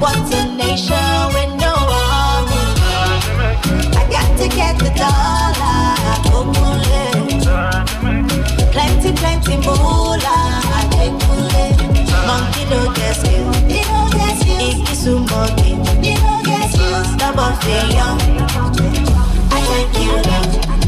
What's a nation with no army? I got to get the dollar, kumule. Plenty, plenty moolah, kumule. Monkey no get skills, he no get skills. Ikisu monkey, he no get skills. Stubborn, young. I thank you. kill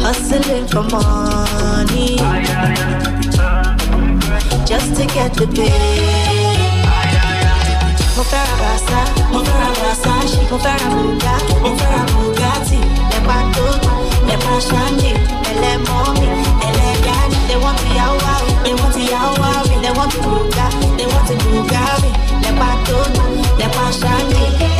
hustling for money just to get the pay. Mofera basa, mofera basa, she mofera buga, mofera bugatti. Lepa toto, lepa shandi, ele mommy, ele gani. They want to yawawi, they want to yawawi, they want to buga, they want to bugawi. Lepa toto, lepa shandi,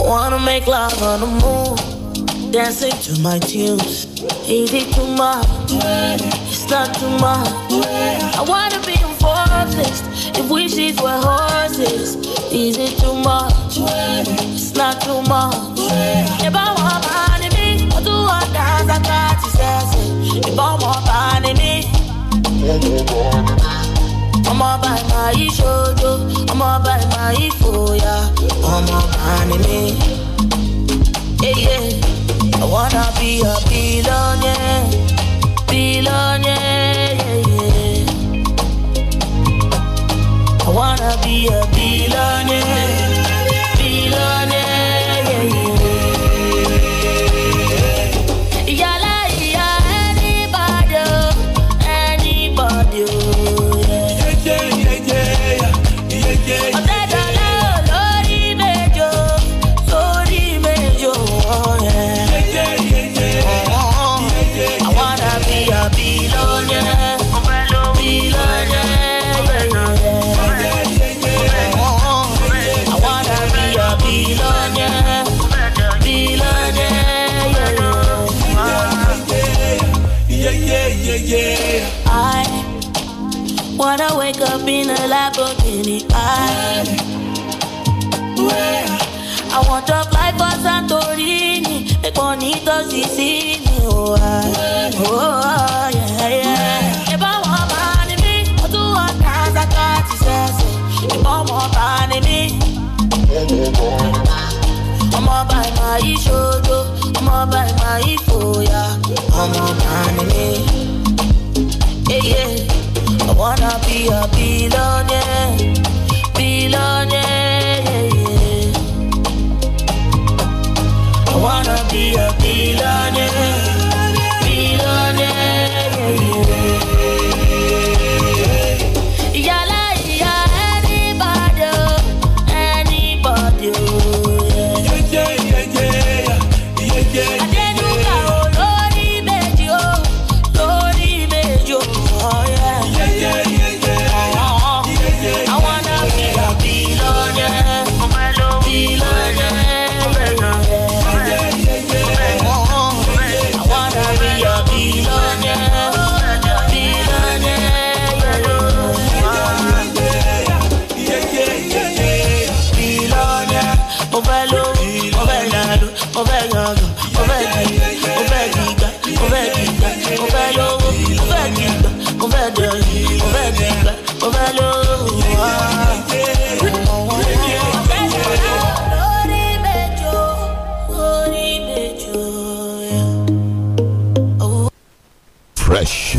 Wanna make love on the moon, dancing to my tunes. Is it too much? It's not too much. I wanna be a forest if wishes were horses. Is it too much? It's not too much. If I want money, me, I do what dance I got to say. If I want money, me. ọmọ ọba ìmọ̀ ìṣojo ọmọ ọba ìmọ̀ ìfòyà ọmọ ọba ni mí. I wanna be a billionaire, billionaire. yeah. I wanna be a billionaire, billionaire. any eye. Yeah. I want to fly for Santorini, make money to Sicily. Oh, I, oh, yeah, yeah. If I want money, me, I do what dance I got to say. If I want money, me, I'm all by my shoulder, I'm all my foyer, I'm all by Wanna be a billionaire, billionaire. I wanna be a billionaire.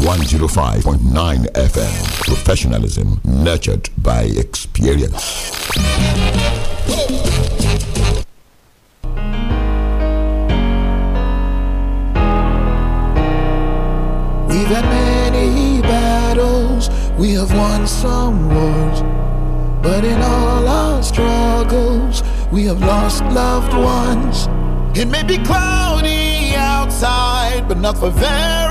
105.9 FM. Professionalism nurtured by experience. We've had many battles, we have won some wars. But in all our struggles, we have lost loved ones. It may be cloudy outside, but not for very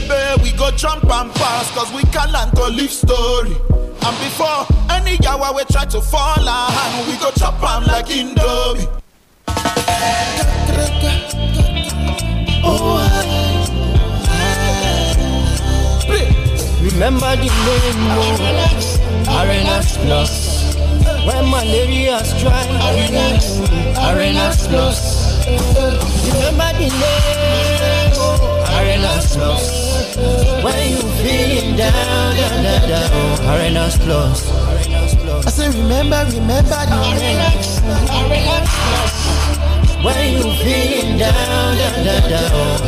Baby, we go jump and pass, cause we can land go live story. And before any yawa we try to fall and we go chop am like Indomie. Oh, I, remember the name, of RNX Plus. When malaria strike, RNX, RNX Plus. Remember the name, of RNX Plus. When you feeling down, down, down, down, Arenas Plus. I say remember, remember the Arenas, Plus. When you feeling down, down, down, down,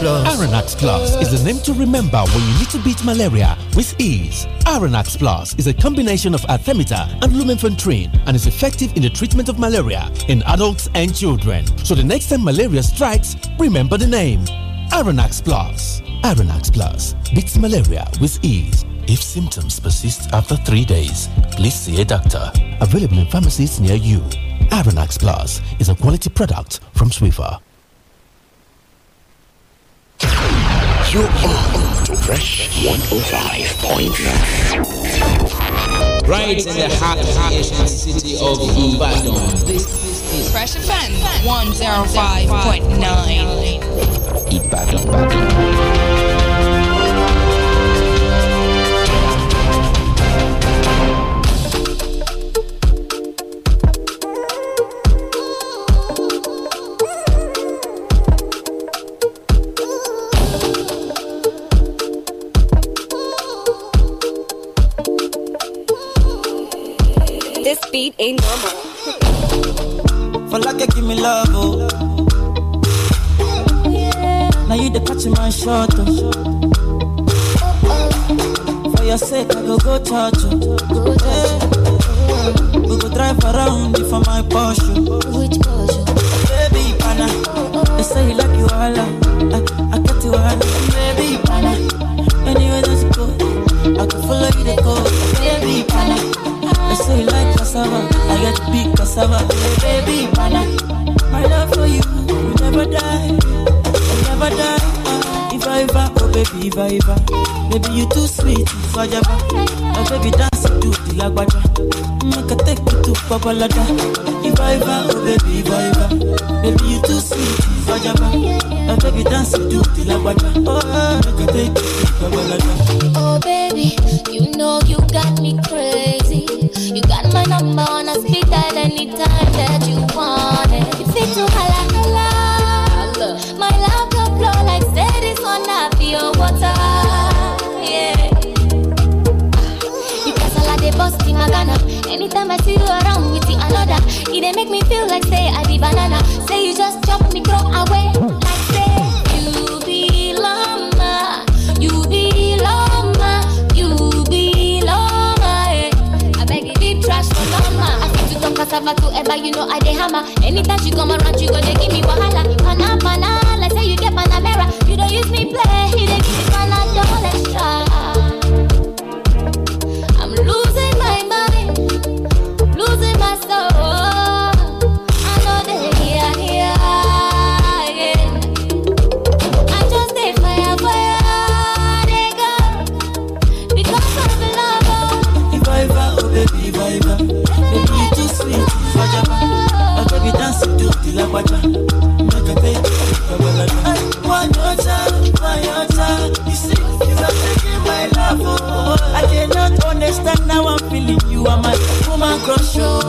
Plus. Aranax Plus is the name to remember when you need to beat malaria with ease. Aranax Plus is a combination of artemether and lumenfantrine and is effective in the treatment of malaria in adults and children. So the next time malaria strikes, remember the name Aranax Plus. Aronax Plus beats malaria with ease. If symptoms persist after three days, please see a doctor. Available in pharmacies near you. Aronax Plus is a quality product from Swiffer. You are on to Fresh 105.9. Right in the heart of the city of Ibadan. Fresh offense 105.9. Eat battle, battle. ain't normal you give me love, oh. Now you the catch my shot, oh. For your sake, I go go touch you. Oh. Yeah. We go drive around you for my Porsche. Oh. Which Porsche? Oh? Baby, pana. They say you like you all, I, I got you all. Baby, pana. Anywhere that you go, I can follow you to go cassava. I get big cassava. Baby, mana, my love for you will never die. Will never die. Uh, if I ever, oh baby, if I ever. Baby, you too sweet, you fajaba. My uh, baby, dance to the lagwaja. Make mm, a take you to Babalada. If I ever, oh baby, if I ever. Baby, you too sweet, you fajaba. My uh, baby, dance to the lagwaja. Oh, make a take you to Babalada. Oh baby, you know you got me crazy got my number on a speed dial anytime that you want it. You fit to holla, holla. My love can flow like steady on your water. Yeah. You pass all of the bus in my Ghana. Anytime I see you around, we see another. It make me feel like say I be banana. Say you just chop me, grow away. ever to ever, you know I dey hammer. Anytime she come around, she go dey give me wahala.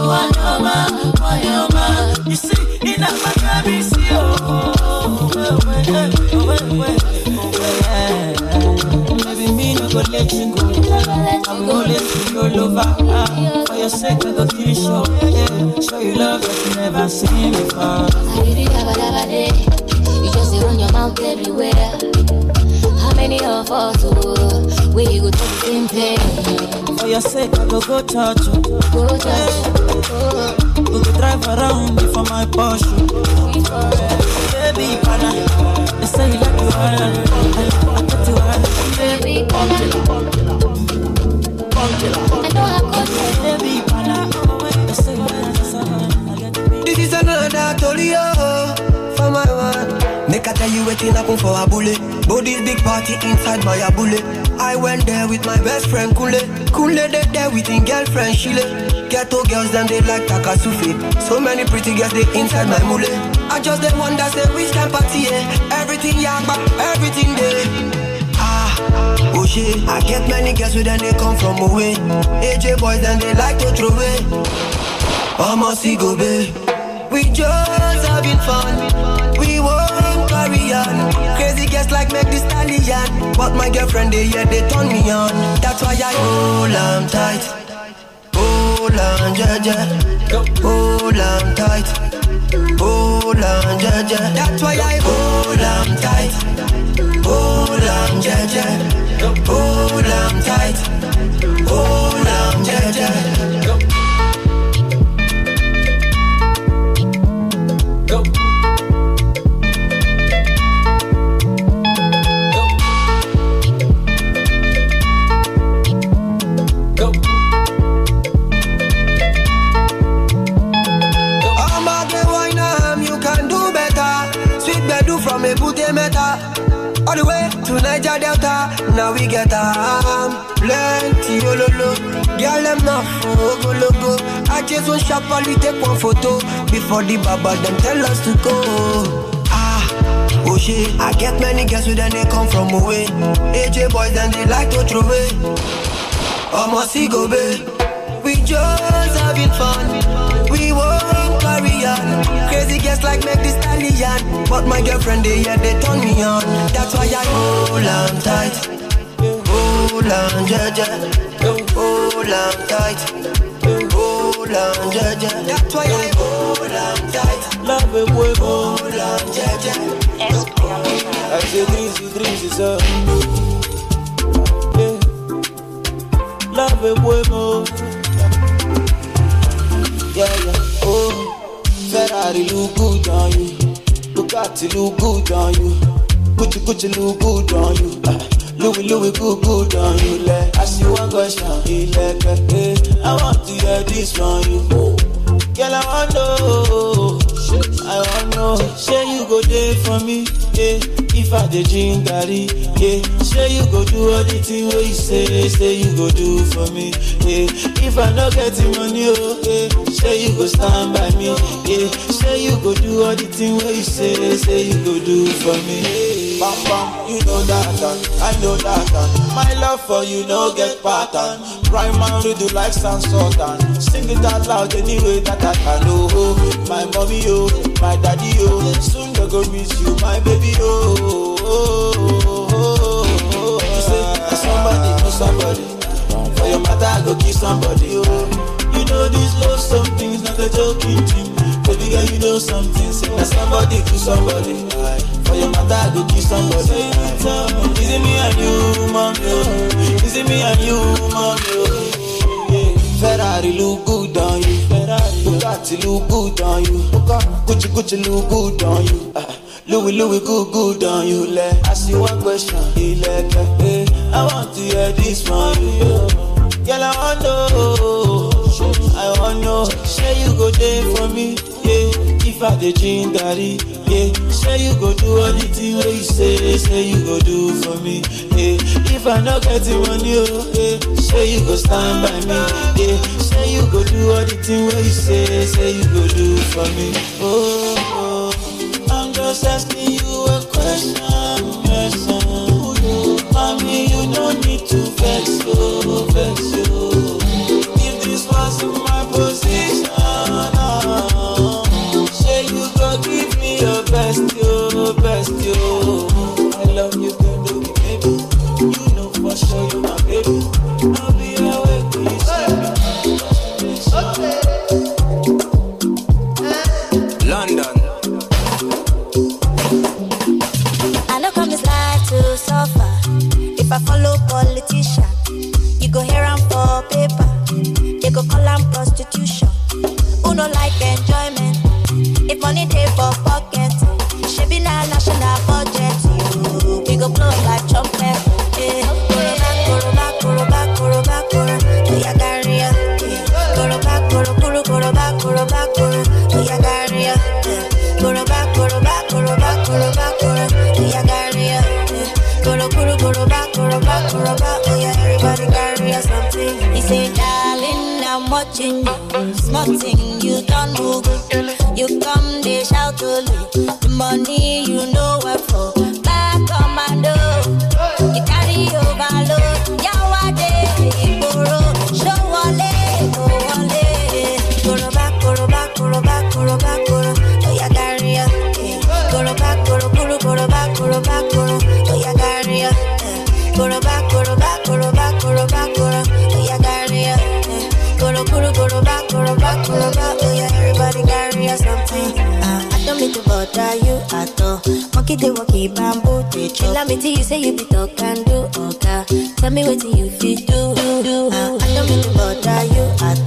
wanyoma wanyoma you see ina makabisi oh wewe wewe Baby, me no go let you go. I'm gonna let you roll over. Uh, for your sake, I go give you show. Yeah, show you love that you never seen before. I give you dabba dabba day. You just run your mouth everywhere. How many of us oh, we go through the same pain? For your sake, I go go touch you. Go touch you. We go drive around me for my Porsche. Baby, pana. They say you like to are. I get you are. Baby, I know I got Baby, pana. They say you like This is another story, oh, for my one. Make I tell you waiting happen for a bullet. Body's big party inside my abule. I went there with my best friend Kule. Kule dead there with his girlfriend Shile. Ghetto girls, them they like takasufi. So many pretty girls, they inside my mule. I just one that say, which can party, yeah. Everything yamba, everything day. Ah, oh shit, I get many girls, with them they come from away. AJ boys, then they like to throw away. Almost go be. We just having fun. We won't carry on. Crazy girls like make this stallion. But my girlfriend, they yeah, they turn me on. That's why I hold them tight. Hold on, yeah, yeah. Hold on tight. Hold on, yeah, yeah. That's why I hold on tight. Hold on, yeah, yeah. Hold on tight. Niger Delta, now we get arm Plenty ololo, oh, girl them not fogo oh, go. I just want shop and we take one photo Before the baba them tell us to go ah, Oh shit, I get many girls who then they come from away. AJ boys then they like to throw away. Almost go babe. We just having fun carry Crazy guests like make this stallion. But my girlfriend, they yeah, they turn me on. That's why I hold on tight. Hold on, Jaja. Hold on tight. Hold on, Jaja. That's why I hold on tight. Love it, we hold on, Jaja. I say dreams, dreams sir. up. Love it, we go. Yeah, yeah. Oh. Ferrari look good on you. Bugatti look good on you. Gucci Gucci look good on you. Uh. Louis Louis good good on you like I see one question he like I want to hear this from you Girl I want know I want know say you go there for me yeah if i dey drink garri yeah say you go do all the anything wey you say say you go do for me yeah if i no get money oh yeah say you go stand by me yeah say you go do all the anything wey you say say you go do for me. Yeah. Bam bam, you know that and I know that and my love for you no get pattern. Right man we do life sand salt and sing it out loud anyway that I can. Oh, my mommy oh, my daddy oh, soon they go miss you, my baby oh. you say somebody somebody, for your go somebody. You know this love not a joking thing. Baby girl, you know something. Say that somebody somebody. For your go somebody. Is it me and you, mommy? Is it me and you, mommy? Ferrari look good on you. Bugatti look good on you. Gucci Gucci look good on you. Uh, Louis Louis good good on you le. I see one question, ilẹ̀kẹ̀. Hey, I want to hear this from you. Girl, I wan know, I wan know, say you go dey for me. Yeah. If I dey drink daddy, yeah. Say you go do all the things wey you say, say you go do for me. Yeah. If I no get the money, oh, yeah. Say you go stand by me, yeah. Say you go do all the thing wey you say, say you go do for me. Oh. just asking you a question. thing, you smart thing, done move. You come, they shout to me. Chill me till you say you be talk and do, okay. Tell me what you fit do, do. do. Ah, I don't mean to bother you at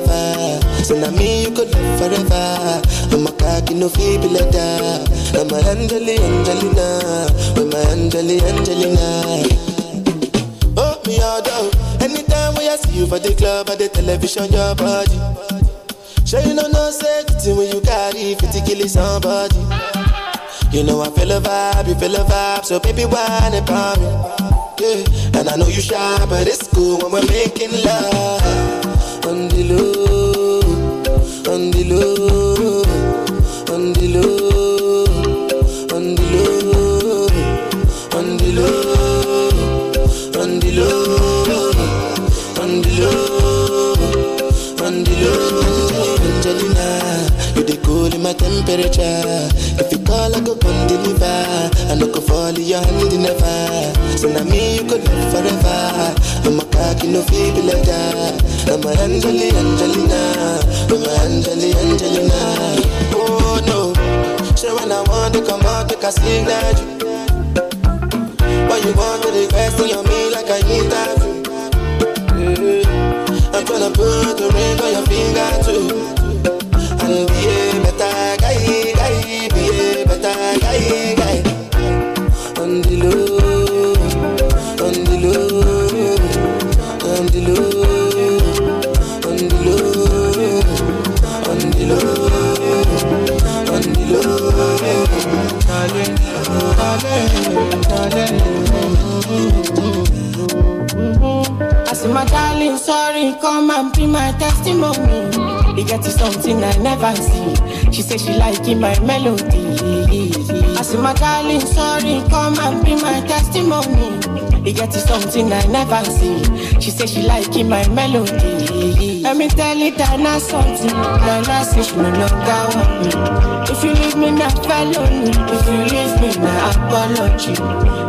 So now me you could love forever. I'm a cocky no feeble letter. I'm a Angeli Angelina. I'm a Angeli Angelina. Oh me all down. Oh. Anytime when I see you for the club or the television, your body. Sure you know no safety when you carry 50 killing somebody. You know I feel a vibe, you feel a vibe, so baby why not me? yeah. And I know you shy, but it's cool when we're making love on the low low, on the low, on the low, on the low, the low, in my temperature. If you call, I go come deliver. Your are in the fire. So now me, you could love forever. I'm a cocky, no feeble letter. I'm a Angeli, Angelina. I'm a Angeli, Angelina. Oh no. So when I want to come out, make a sleep that you. But you want to request me your me like I need that. I'm trying to put the ring on your finger too. And be a better my darling, sorry, come and be my testimony. He get to something I never see. She says she liking my melody. I say, my darling, sorry, come and be my testimony e get something I never see. She say she like my melody. Let me tell it I know something. Now I say she no longer want me. If you leave me now, follow me. If you leave me now, apology.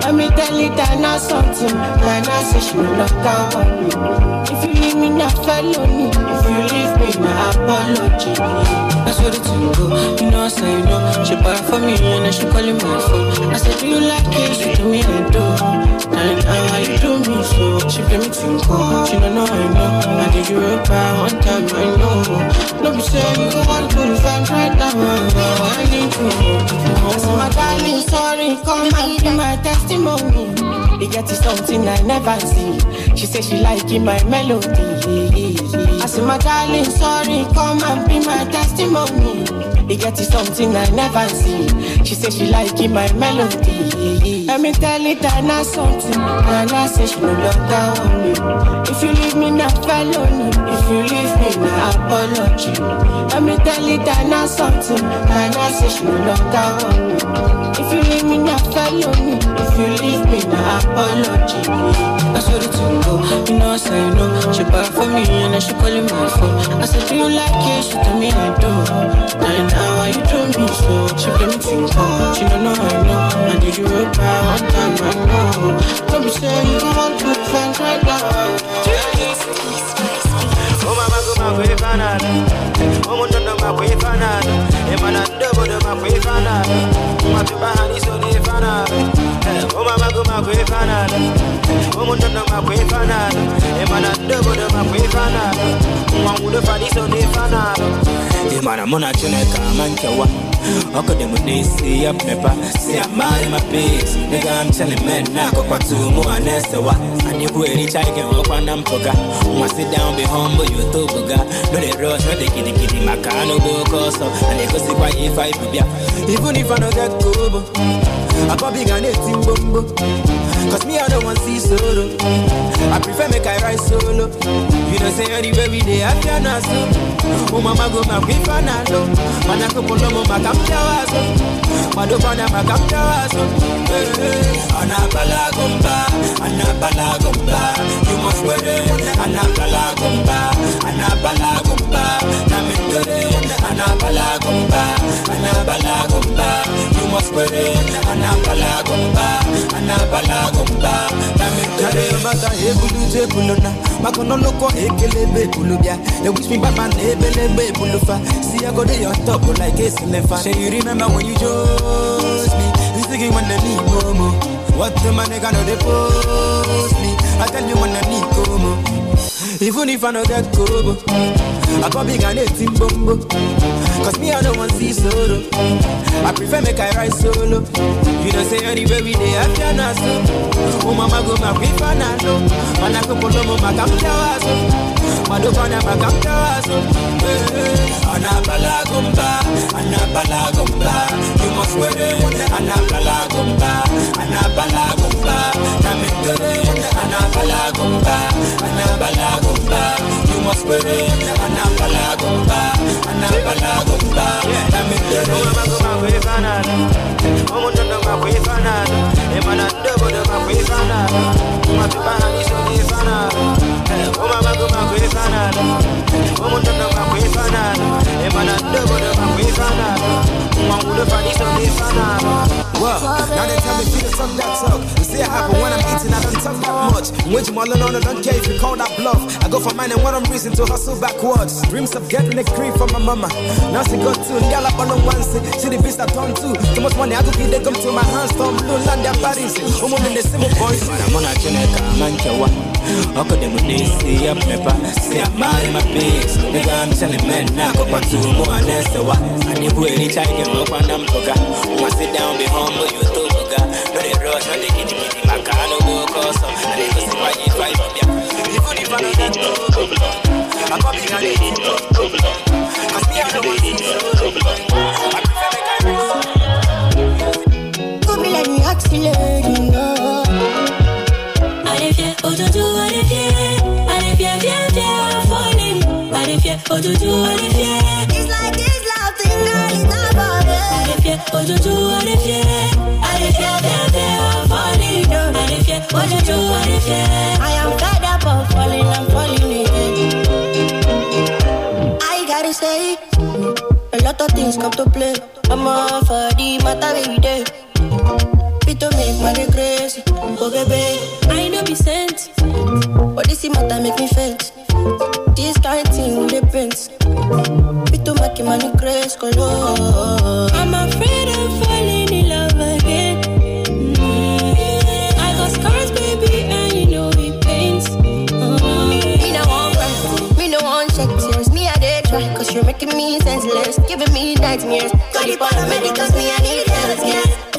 Let me tell it I know something. Now I say she no longer want me. If you leave me now, follow me. If you leave me now, apology. I swear to you, you know I say you know. She bought for me and then she calling my phone. I said, do you like it? She told me I do. and how you do me She play me too cool, she don't know I know I did you right by one time, I know No be say you go want to the fans right now I need you I said my darling, sorry, come and be my testimony It get something I never see She said she liking my melody I said my darling, sorry, come and be my testimony It get something I never see she said she like it, my melody. Let me tell it, I know something. And I say she no longer on me. If you leave me, not follow me. If you leave me, not apology. Let me tell it, I know something. And I say she no longer on me. If you leave me, not follow me. If you leave me, not apology. I saw the tingle, you know I say no. She bought for me and then she calling my phone. I said, Do you like it? She tell me I do. Now, now, why you do me so? She play me tingle, she don't know I know. I did you real bad, one time I know. Don't be saying you don't want good friends right now. Oh, kwefanana omuntu oh, ono makwefanana emanandobodo makwefanana mapibahaniso nefanana umamago makwefanana umuntono makwefanana emana ndobodo makwefanana nwanwulofaniso nefanana ịmara mụ na chineke ama nkewa ọkụ dị m n'isi ya mmepa si ma pis nigam chelimen na-akọkwatu mụ ha na-esewa adịkwu ericha ike nwekwa na mpụga nwa sit down be humble you to no dey rush dey gidigidi maka anụ bụ oke ọsọ a na-egosikwa ya ife ibubịa even if I no get kobo I go big and eighteen bumbo. Cause me, I don't want see solo. I prefer make I ride solo. You know, say anywhere we day, I feel not so. Oh, mama go my way for now. Man, I could pull come along, my camp towers. My dope on my camp towers. Anabala gumba, anabala gumba. You must wear it. Eh, anabala gumba, anabala gumba. Now, me today gumba, Anapalagumba, gumba. you must pray. Anapalagumba, Anapalagumba, gumba. Mata ebulu je bulona, makono loko ekelebe kulubia. The wish me baba nebelebe bulufa. See I go dey on top like a silver. Say you remember when you chose me, you thinking when the need more? What the man they gonna post me? I tell you when I need more. Even if I no get kobo, I come big and eat in bombo. Cause me I don't want see solo. I prefer make I ride solo. You don't say anywhere we day after now, Oh, mama go my way for now, I go pull up my cam tower, so. Man, look on my cam tower, so. Anabala gumba, anabala gumba. You must wait, anabala gumba, anabala gumba. Come and do it, anabala gumba, anabala gumba. You must wait, anabala gumba, anabala gumba. Come and do it, mama go my way for now. Oh, no, no, now they tell me feed the sun up. You see it happen when I'm eating, I don't talk that much. Which mallin on, I don't care you call that bluff. I go for mine and what I'm reason to hustle backwards. Dreams of getting a cream from my mama. Now she got two, y'all up on one, see the beast I turn to. Too much money, I could give come to my my hands from London to Paris. Woman in the same voice. Maramona Chineka, Manchawa. Oko de Munisi, a pepper. See, I'm married my pigs. Nigga, I'm telling men, now go back to Muanesewa. And if we reach, I can look on them, Toga. Once sit down, be humble, you too, Toga. No, they rush, no, they kitty kitty, my car, no, go, cause. And they go see why you fight from them. Even if I'm not in trouble, I'm probably not in trouble. Cause me, I know what it is. elle lui accélère. Oh. Allez, viens, au doudou, allez, viens. Allez, viens, viens, viens, folie. Allez, viens, au doudou, allez, viens. It's like this love thing, girl, it's not for me. Allez, viens, au doudou, allez, viens. Allez, viens, viens, viens, folie. Allez, viens, au doudou, allez, viens. I am fed up of falling, I'm falling again. I gotta say, a lot of things come to play. I'm off for the matter every day don't make money crazy. Oh, baby, I know be sent. But this matter make me faint. This kind thing depends. the prince. Fit make money crazy. Color. Oh, oh, oh. I'm afraid of falling in love again. Mm. I got scars, baby, and you know it pains. Mm. Me no one cry, me no one shed tears. Me I did try, cause you're making me senseless, giving me nightmares. Got the bottom, me, cause me I need help, yeah.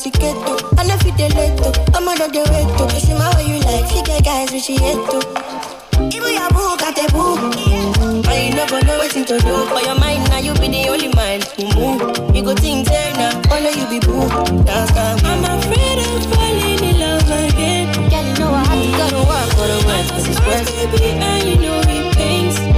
I late to, I'm out to. my way you like, guys which hate to. Even your boo got a boo. never know what to do. For your mind now you be the only mind move. You go think there now, only you be boo. Dance I'm afraid of falling in love again. Girl, you know I have to go to work for the work. This Baby, and you know it pains.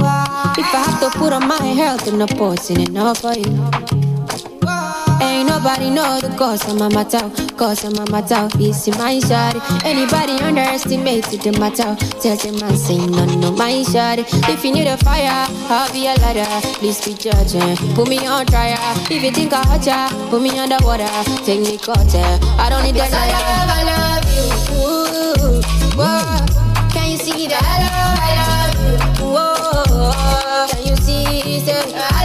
If I have to put on my health, I'm posting it, you. Ain't nobody know the cause of my matter, cause of my matter. It's in my shawty. Anybody underestimated the matter, tell them I say no, no, my shawty. If you need a fire, I'll be a ladder. Please be judging, put me on trial. If you think I hurt ya, put me underwater. Take me caught, I don't need that. I love, I love you. Deus.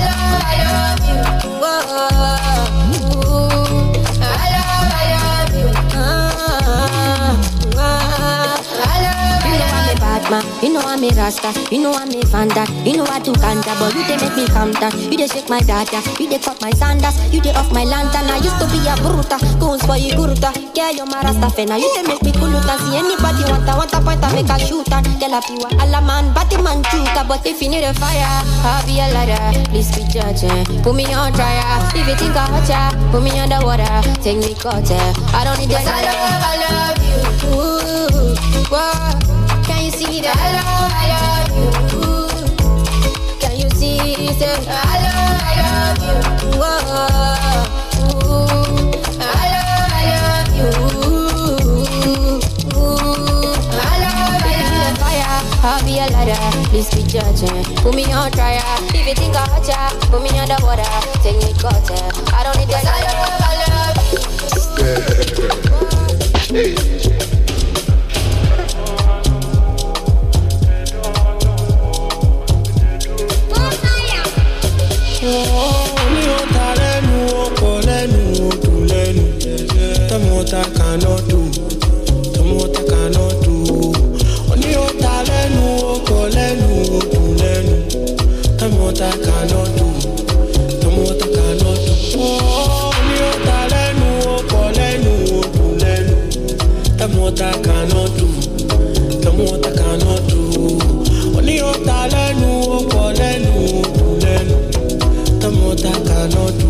man. You know I'm a rasta, you know I'm a fanta, you know I do ganja, but you dey make me calm down. You dey shake my data, you dey cut my sandals, you dey off my lantern. I used to be a bruta, goons for you guruta. Yeah, you're my rasta fena, you dey make me cool. kuluta. See anybody want a want a point, I make a shooter. Tell a few, all a man, but the man chuta, but if you need a fire, I'll be a ladder. Please be judging, put me on trial. If you think I'm hot, put me underwater, take me caught. I don't need that. I love, I love you. Ooh, whoa. Can you see that I love, I love you? Can you see that I love, I love you? I love, I love you. I love, I fire. I'll be a ladder, judging. Put me on trial. If you think I hurt ya, put me underwater. Take me closer. I don't need that. I love, I love Tell what I cannot do. Tell what I cannot do. Ó ní ó ta lẹ́nu, ó kọ lẹ́nu, ó what I cannot do. Tell I cannot do. Ó ní ó ta lẹ́nu, ó kọ cannot do. Tell me what I cannot do. Ó I cannot do.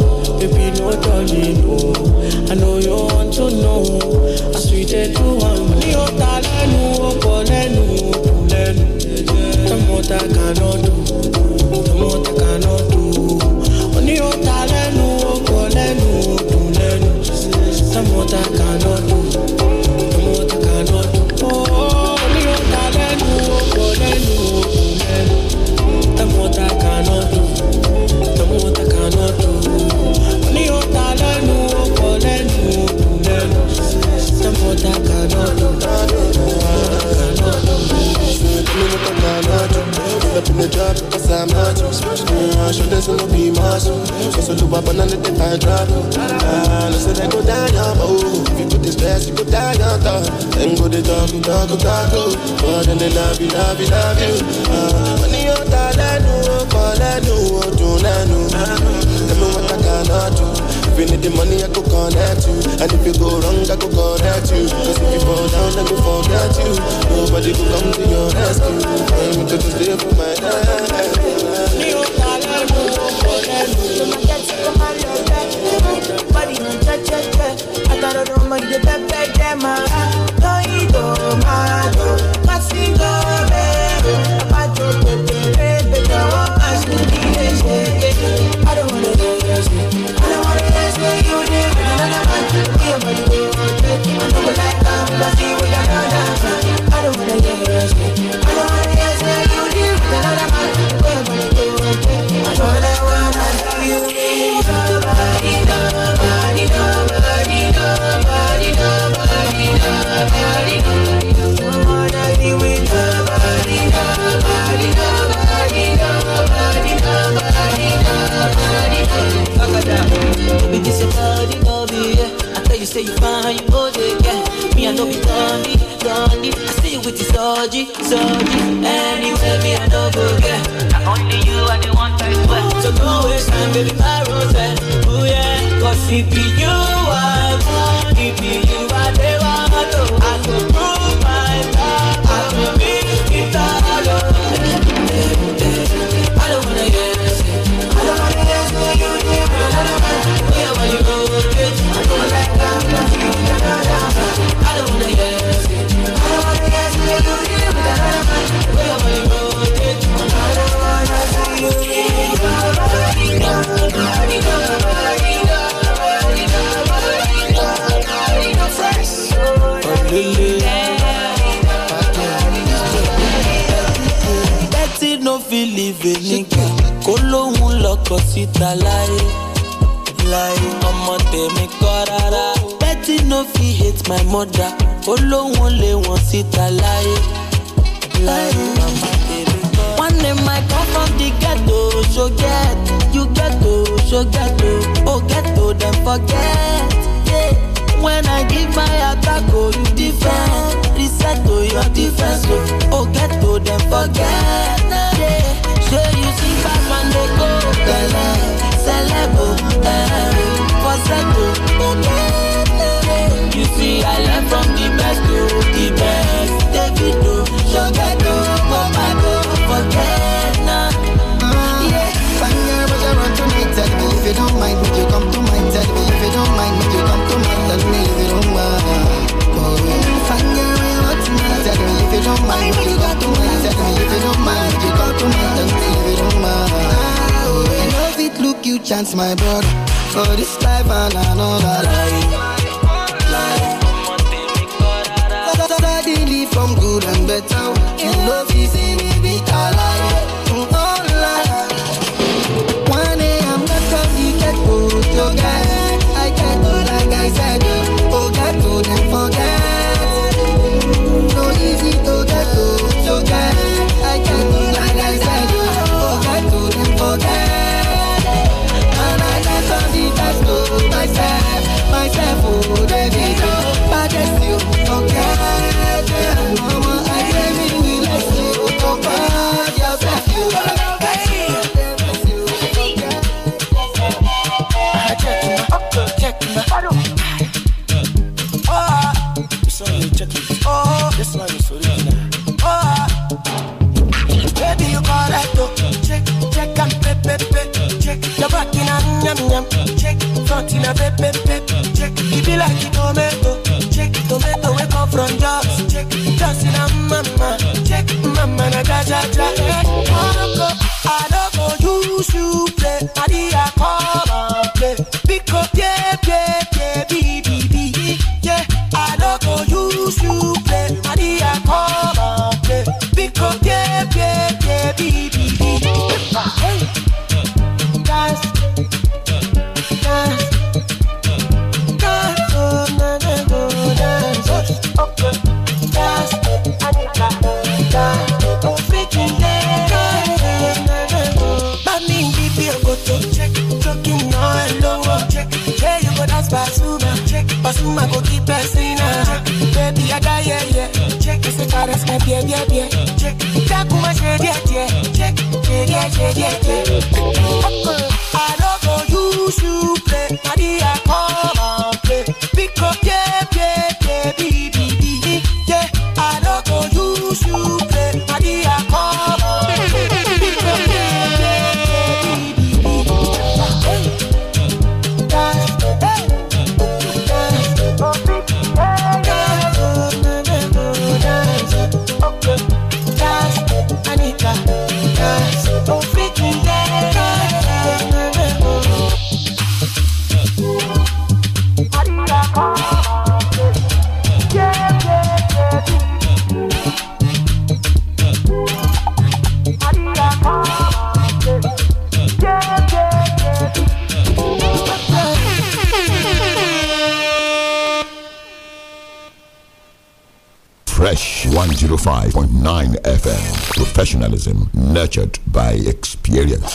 no judging, oh I know you want to know I sweet it to one Ní ọ̀tá lẹ́nu, ọkọ̀ lẹ́nu, òkú lẹ́nu The more I cannot do, the more I cannot do oh, Ní ọ̀tá lẹ́nu, ọkọ̀ lẹ́nu, òkú lẹ́nu The more I cannot do do. If you need the money, I could connect you. And if you go wrong, I could connect you. Cause if you fall down, I could forget you. Nobody could come to your rescue. I'm just there for my head. say you you hold it, Me, I know be I see you with the surgery, surgery. Anyway, me, I know go get. Only you are the one I swear. So don't waste time, baby, I rose, Ooh, yeah. Cause it you, I beniga kó lóhun lọkọ síta láyé láyé ọmọ tèmi kọ́ rárá betty no fit hate my mother ó lóhun lé wọn síta láyé láyé mama tèmi kọ́. one day my come from the ghetto so get you ghetto so ghetto oh ghetto dem forget. Yeah. When I give my attack, oh, you defend. Reset to oh, your defense, oh, oh ghetto, them forget. Yeah. you see go for eh, You see I left from the chance, my brother. For this life and another life. Life. Suddenly from good and better. professionalism nurtured by experience.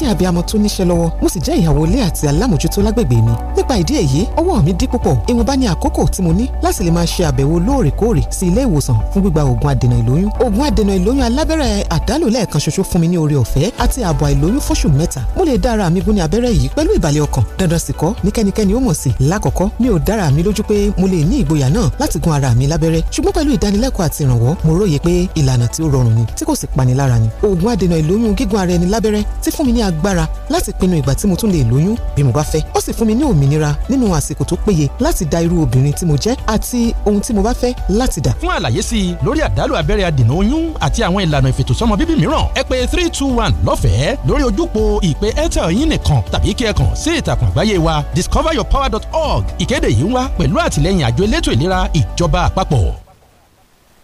jẹ́ abiyamọ tó níṣẹ́ lọ́wọ́ mo sì jẹ́ ìyàwó ilé àti alámòjútó lágbègbè mi nípa ìdí èyí ọwọ́ mi dí púpọ̀ ìwọ̀nba ni àkókò tí mo ní láti lè máa ṣe àbẹ̀wò lóòrèkóòrè sí ilé ìwòsàn fún gbígba oògùn adènà ìlóyún oògùn adènà ìlóyún alábẹ́rẹ́ àdálò lẹ́ẹ̀kan ṣoṣo fún mi ní oore ọ̀fẹ́ àti ààbò àìlóyún fóṣù mẹ́ta mo lè dá ara mi gún ní abẹ́rẹ́ yìí pẹ̀lú ìbàlẹ̀ ọkàn dandan sì kọ́ ní kẹ́nikẹ́ni ó mọ̀ sí lákọ̀ọ́kọ́ mi ò dára mi lójú pé mo lè ní ìgboyà náà láti gún ara mi lábẹ́rẹ́ ṣùgbọ́n pẹ̀lú ìdánilẹ́kọ̀ọ́ àti ìrànwọ́ mo róye pé ìlànà tí ó rọrùn ni tí kò sì pani lára ni oògùn adènà ìlóyún gígún ara ẹni lábẹ́rẹ́ ti fún mi ní agbára láti pinnu ìgbà tí mo tún lè lóyún bí mo bá fẹ́ ó sì fún mi ní òmìnira nínú àsìkò tó péye láti da irú obìnrin tí mo jẹ́ àti ohun tí mo bá fẹ́ láti dà. fún àlàyé sí i lórí àdálù abẹ́rẹ́ adènà oyún àti àwọn ìlànà ìfètòsọ́mọ bíbí mìíràn ẹ pè three two one lọ́fẹ̀ẹ́ lórí ojúpo ìpè airtel yín nìkan tàbí kí ẹ kàn sí ìtàkùn àgbáyé wa discoveryourpower.org ìkéde yìí ń wá pẹ̀lú àtìlẹ́yìn àjọ elétò ìlera ìjọba àpapọ̀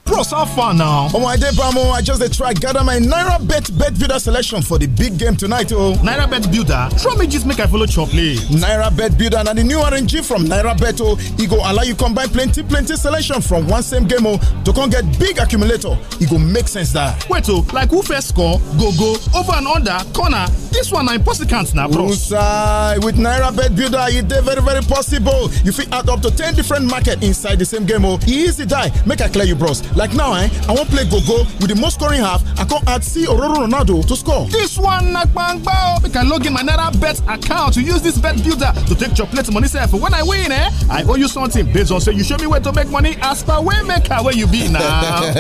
pros how far now? Omo I dey Bamo, I just dey try gather my Naira Bet Bet Builder selection for the big game tonight oh. Naira Bet Builder, throw me gist make I follow chop play. Naira Bet Builder na the new RNG from Naira Bet oh, e go allow you combine plenty plenty selection from one same game oh to come get big accumulator. E go make sense that. Wait oh, like who first score, go go, over and under, corner, this one na impossible count na bros. Usai, with Naira Bet Builder e dey very very possible. You fit add up to ten different market inside the same game oh. E easy die, make I clear you bros. Like now, eh, I wan play go-go with the most scoring half I come add C Ororo Ronaldo to score. This one na gbangba o! Oh, make I log in my bet account to use this bet builder to take your plate money sef. When I win, eh, I owe you something based on say you show me where to make money as per waymaker Where you be now. uh,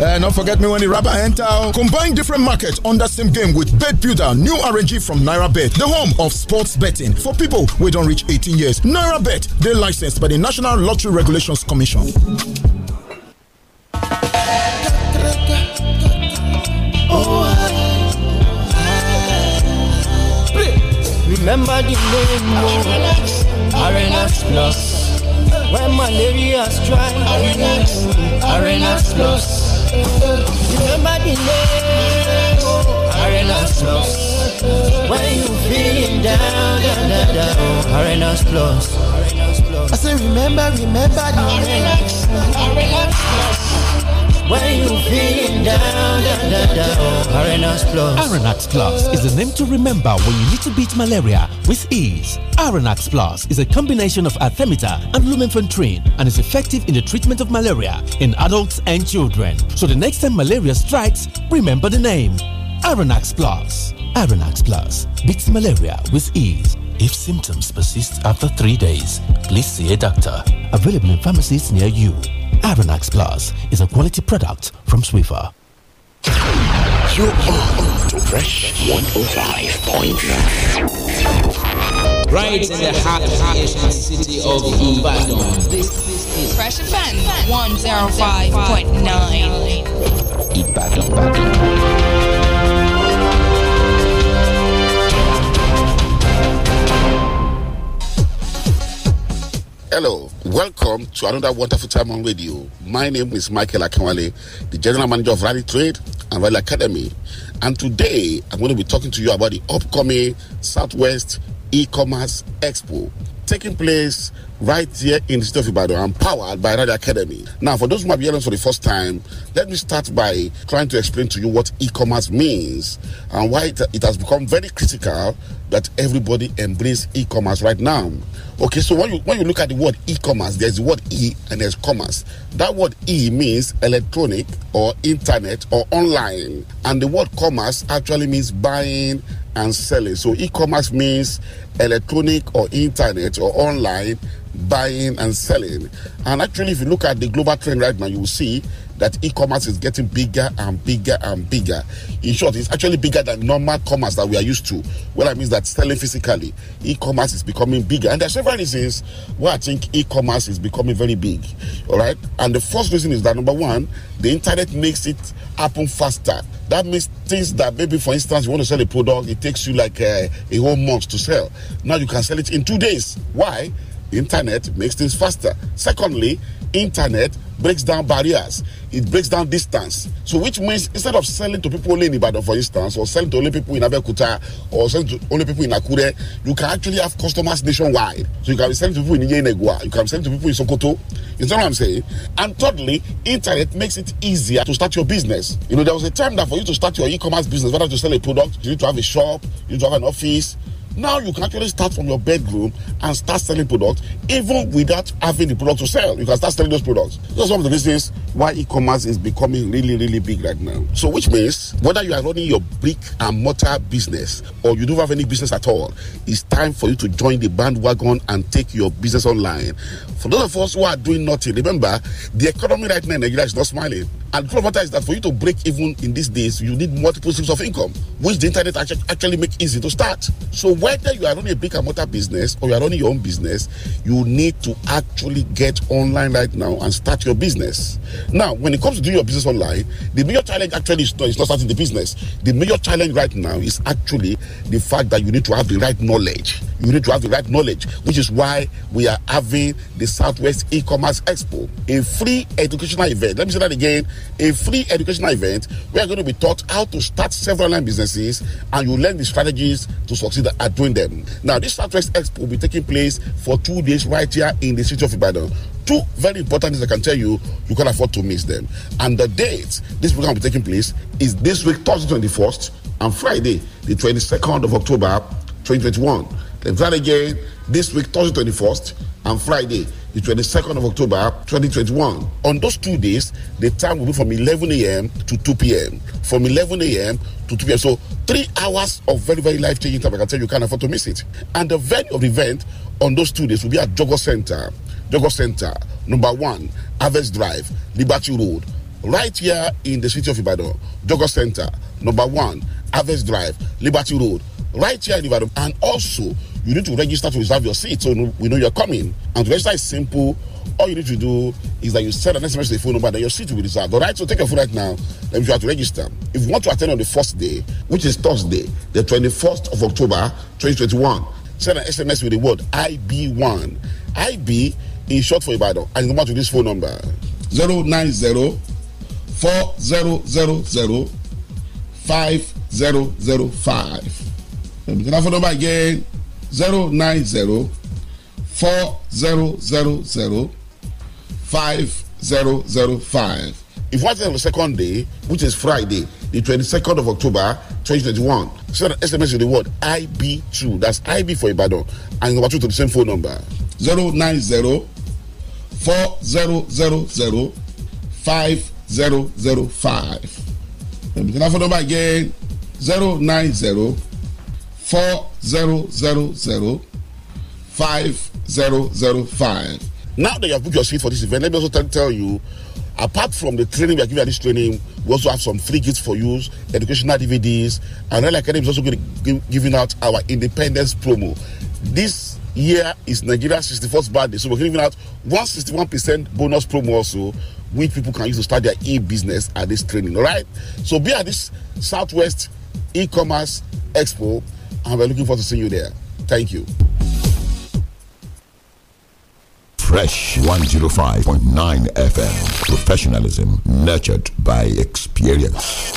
eh, not forget me when the rubber enter. Oh. Combine different markets under same game with Bet Builder, new RNG from Naira Bet, the home of sports betting for people who don't reach 18 years. Naira Bet, dey licensed by the National Lottery Regulations Commission. Remember the name oh. Arenas Plus When malaria strike Arenas, Arenas Plus Remember the name oh. Arenas Plus When you feeling down, down, down, down Arenas Plus I say remember, remember the name Arenas, Arenas Plus Oh, Arenax Plus. Arenax Plus is the name to remember when you need to beat malaria with ease. Arenax Plus is a combination of arthemeter and lumenfantrine and is effective in the treatment of malaria in adults and children. So the next time malaria strikes, remember the name. Arenax Plus. Arenax Plus beats malaria with ease. If symptoms persist after three days, please see a doctor. Available in pharmacies near you. Aranax Plus is a quality product from Swiffer. You are to Fresh 105.9. Right in the heart of the city of Ibadan. This is Fresh Offense 105.9. Ibadan. Hello, welcome to another wonderful time on radio. My name is Michael Akinwale, the General Manager of Rally Trade and Rally Academy. And today I'm going to be talking to you about the upcoming Southwest E Commerce Expo taking place right here in the state of Ibadan and powered by Rally Academy. Now, for those who might be hearing for the first time, let me start by trying to explain to you what e commerce means and why it, it has become very critical that everybody embrace e commerce right now. Okay, so when you when you look at the word e-commerce, there's the word e and there's commerce. That word e means electronic or internet or online, and the word commerce actually means buying and selling. So e-commerce means electronic or internet or online buying and selling. And actually, if you look at the global trend right now, you will see that e-commerce is getting bigger and bigger and bigger. In short, it's actually bigger than normal commerce that we are used to. Well, that means that selling physically, e-commerce is becoming bigger. And there are several reasons why I think e-commerce is becoming very big. All right. And the first reason is that number one, the internet makes it happen faster. That means things that maybe, for instance, you want to sell a product, it takes you like a, uh, a whole month to sell. Now you can sell it in two days. Why? internet makes things faster. Secondly, internet breaks down barriers it breaks down distance. So which means instead of selling to people only in Ibadan, for instance, or selling to only people in Abeokuta, or selling to only people in Akure, you can actually have customers nationwide. So you can be selling to people in Yenegua, you can be selling to people in Sokoto. You know what I'm saying? And thirdly, internet makes it easier to start your business. You know, there was a time that for you to start your e-commerce business, whether to sell a product, you need to have a shop, you need to have an office, now you can actually start from your bedroom and start selling products even without having the product to sell. You can start selling those products. That's one of the reasons why e-commerce is becoming really, really big right now. So which means whether you are running your brick and mortar business or you don't have any business at all, it's time for you to join the bandwagon and take your business online. For those of us who are doing nothing, remember the economy right now in Nigeria is not smiling. And the problem is that for you to break even in these days, you need multiple streams of income, which the internet actually make easy to start. So whether you are running a brick and mortar business or you are running your own business, you need to actually get online right now and start your business. Now, when it comes to doing your business online, the major challenge actually is not, is not starting the business. The major challenge right now is actually the fact that you need to have the right knowledge. You need to have the right knowledge, which is why we are having the Southwest E-commerce Expo, a free educational event. Let me say that again a free educational event. We are going to be taught how to start several online businesses and you learn the strategies to succeed at doing them. Now, this Southwest Expo will be taking place for two days right here in the city of Ibadan two very important things I can tell you, you can not afford to miss them. And the date this program will be taking place is this week, Thursday 21st, and Friday, the 22nd of October 2021. Then again this week, Thursday 21st and Friday, the 22nd of October 2021. On those two days, the time will be from 11 a.m. to 2 p.m. From 11 a.m. to 2 p.m. So three hours of very, very life changing time. I can tell you, you can't afford to miss it. And the venue of the event on those two days will be at Jogo Center. Jogo Center, number one, Aves Drive, Liberty Road, right here in the city of Ibadan. Jogo Center, number one, Aves Drive, Liberty Road, right here in Ibadan. And also, you need to register to reserve your seat so we know you're coming. And to register is simple. All you need to do is that you send an SMS to the phone number that your seat will be reserved. All right, so take your phone right now. Let you have to register. If you want to attend on the first day, which is Thursday, the 21st of October, 2021, send an SMS with the word IB1. IB is short for Ibadan. And number to this phone number 090 4000 5005. Let me get that phone number again zero nine zero four zero zero zero five zero zero five. If watching on the second day, which is Friday, the 22nd of October 2021, send an SMS with the word IB2. That's IB for Ibadan. And number two to the same phone number 090 4000 5005. Can I phone number again? 090 4000 Now that you have booked your seat for this event, let me also tell, tell you apart from the training we are giving at this training, we also have some free gifts for you, educational DVDs, and Royal Academy is also going to give, giving out our independence promo. This year is Nigeria's 61st birthday, so we're giving out 161% bonus promo also, which people can use to start their e-business at this training. All right, so be at this Southwest E-commerce Expo and we're looking forward to seeing you there. Thank you. Fresh 105.9 FM. Professionalism nurtured by experience.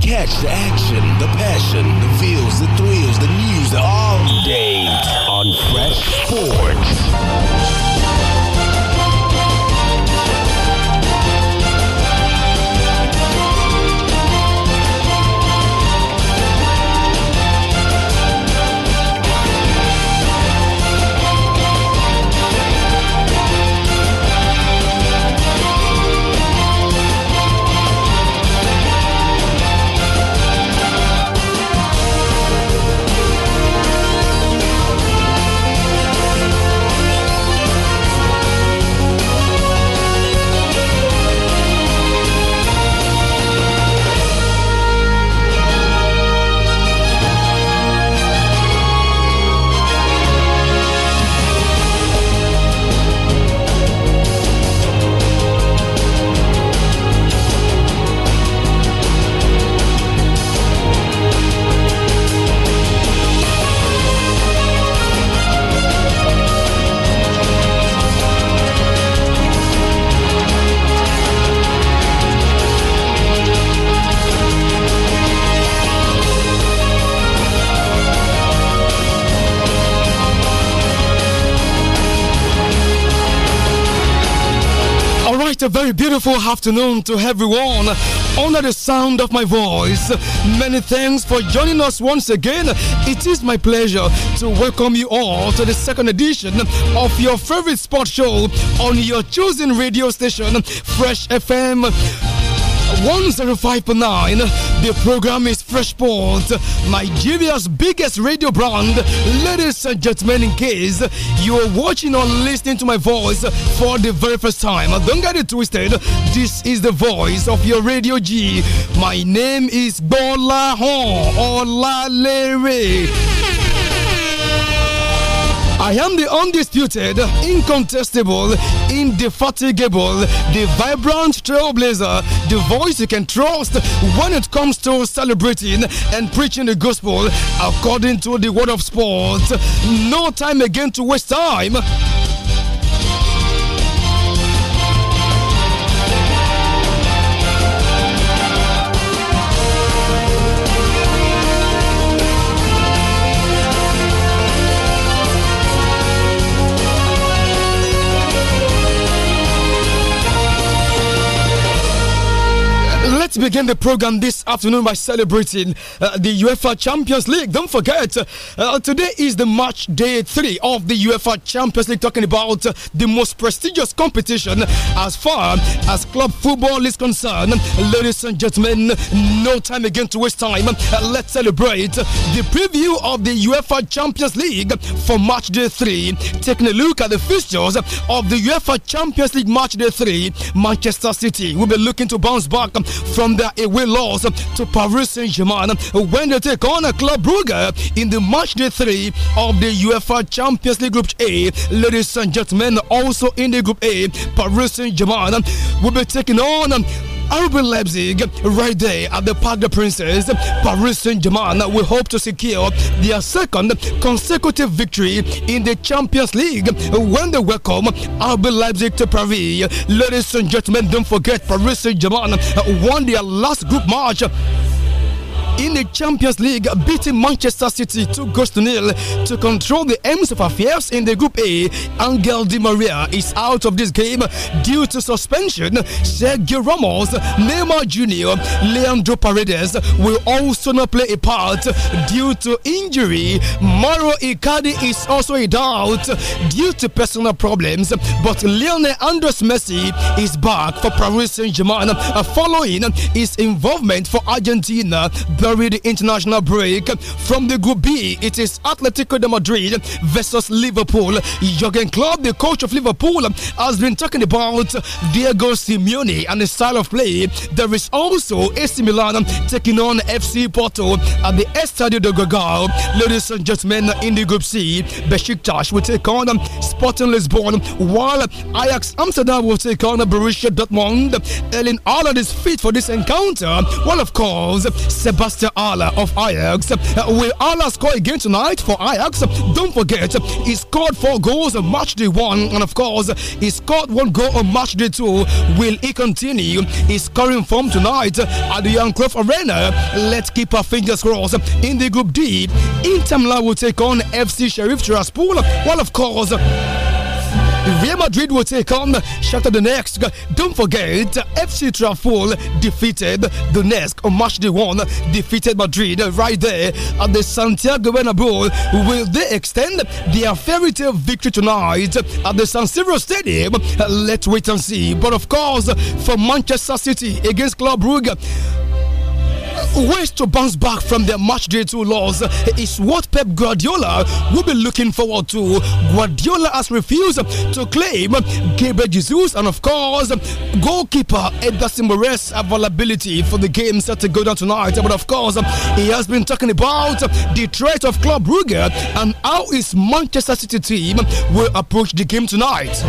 Catch the action, the passion, the feels, the thrills, the news all day on Fresh Sports. right, a very beautiful afternoon to everyone under the sound of my voice. Many thanks for joining us once again. It is my pleasure to welcome you all to the second edition of your favorite sport show on your chosen radio station, Fresh FM 105.9. The program is Freshport, Nigeria's biggest radio brand. Ladies and gentlemen, in case you are watching or listening to my voice for the very first time, don't get it twisted. This is the voice of your radio G. My name is Bola Hon Lere. I am the undisputed, incontestable, indefatigable, the vibrant trailblazer, the voice you can trust when it comes to celebrating and preaching the gospel according to the word of sport. No time again to waste time. We begin the program this afternoon by celebrating uh, the UEFA Champions League. Don't forget, uh, uh, today is the match day three of the UEFA Champions League, talking about uh, the most prestigious competition as far as club football is concerned. Ladies and gentlemen, no time again to waste time. Uh, let's celebrate the preview of the UEFA Champions League for match day three. Taking a look at the fixtures of the UEFA Champions League match day three, Manchester City will be looking to bounce back from from their away loss to Paris Saint Germain when they take on Club Brugge in the match day three of the UEFA Champions League Group A. Ladies and gentlemen, also in the Group A, Paris Saint Germain will be taking on RB Leipzig, right there at the Parc de Princes, Paris Saint-Germain will hope to secure their second consecutive victory in the Champions League when they welcome RB Leipzig to Paris. Ladies and gentlemen, don't forget Paris Saint-Germain won their last group match in the Champions League, beating Manchester City two 0 to nil to control the aims of affairs in the Group A. Angel Di Maria is out of this game due to suspension. Sergio Ramos, Neymar Jr., Leandro Paredes will also not play a part due to injury. Mauro Icardi is also a doubt due to personal problems, but Lionel Andres Messi is back for Paris Saint-Germain following his involvement for Argentina. The during the international break. From the Group B, it is Atletico de Madrid versus Liverpool. Jurgen Klopp, the coach of Liverpool, has been talking about Diego Simeone and his style of play. There is also AC Milan taking on FC Porto at the Estadio de Gagao. Ladies and gentlemen, in the Group C, Besiktas will take on Sporting Lisbon, while Ajax Amsterdam will take on Borussia Dortmund. Erling Haaland is fit for this encounter, while of course Sebastian Mr. Allah of Ajax. Uh, will Ala score again tonight for Ajax? Don't forget, he scored four goals on match day one, and of course, he scored one goal on match day two. Will he continue his scoring form tonight at the Young Club Arena? Let's keep our fingers crossed. In the Group D, Inter Milan will take on FC Sheriff Tiraspol, while of course, Real Madrid will take on Shakhtar Donetsk. Don't forget, FC Trafol defeated Donetsk on March the one, defeated Madrid right there at the Santiago Bernabeu. Will they extend their fairy tale victory tonight at the San Siro Stadium? Let's wait and see. But of course, for Manchester City against Club Brugge ways to bounce back from their match day two loss is what Pep Guardiola will be looking forward to. Guardiola has refused to claim Gabriel Jesus and, of course, goalkeeper Ederson Moraes availability for the game set to go down tonight. But, of course, he has been talking about the threat of Club Brugge and how his Manchester City team will approach the game tonight.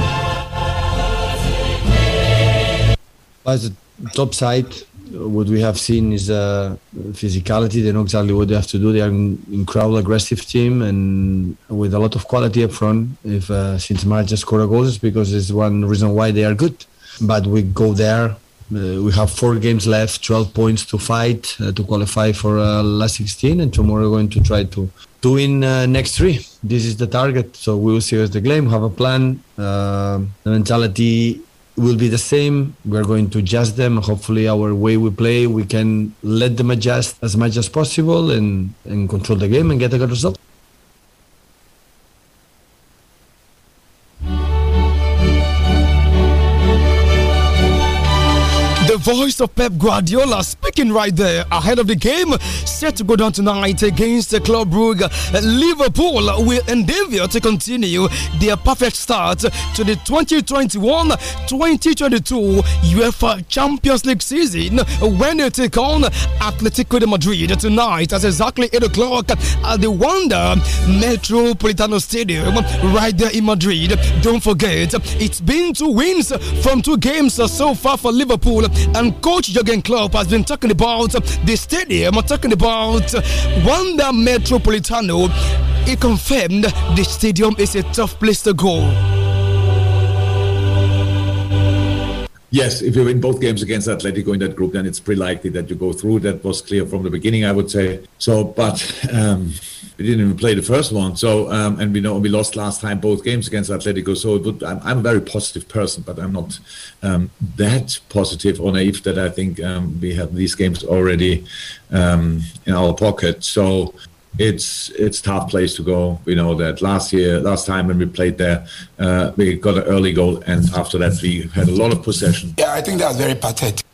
As a top side, what we have seen is uh, physicality. They know exactly what they have to do. They are an incredible aggressive team and with a lot of quality up front. If uh, since March just score goals, it's because it's one reason why they are good. But we go there. Uh, we have four games left, 12 points to fight uh, to qualify for uh, last 16, and tomorrow we're going to try to to win uh, next three. This is the target. So we will see us the game. Have a plan. the mentality will be the same. We're going to adjust them. Hopefully, our way we play, we can let them adjust as much as possible and, and control the game and get a good result. voice of Pep Guardiola speaking right there ahead of the game set to go down tonight against Club Brugge. Liverpool will endeavour to continue their perfect start to the 2021-2022 UEFA Champions League season when they take on Atletico de Madrid tonight at exactly 8 o'clock at the Wanda Metropolitano Stadium right there in Madrid. Don't forget, it's been two wins from two games so far for Liverpool and Coach Jurgen Klopp has been talking about the stadium, talking about Wanda Metropolitano. He confirmed the stadium is a tough place to go. Yes, if you win both games against Atletico in that group, then it's pretty likely that you go through. That was clear from the beginning, I would say. So, but um, we didn't even play the first one. So, um, and we know we lost last time both games against Atletico. So, would, I'm, I'm, a very positive person, but I'm not um, that positive or naive that I think um, we have these games already um, in our pocket. So, it's it's tough place to go. We know that last year, last time when we played there, uh, we got an early goal, and after that, we had a lot of possession. Yeah, I think that was very pathetic.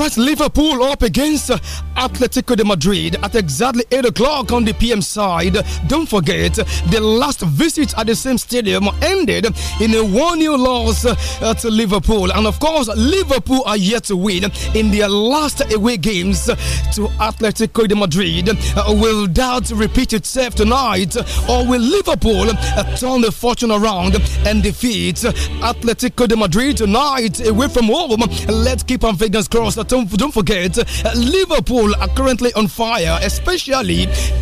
right, Liverpool up against uh, Atletico de Madrid at exactly 8 o'clock on the PM side. Don't forget, the last visit at the same stadium ended in a 1 0 loss uh, to Liverpool. And of course, Liverpool are yet to win in their last away games uh, to Atletico de Madrid. Uh, will that repeat itself tonight, uh, or will Liverpool uh, turn the fortune around and defeat Atletico de Madrid tonight away from home? Let's keep our fingers crossed don't, don't forget, uh, Liverpool are currently on fire, especially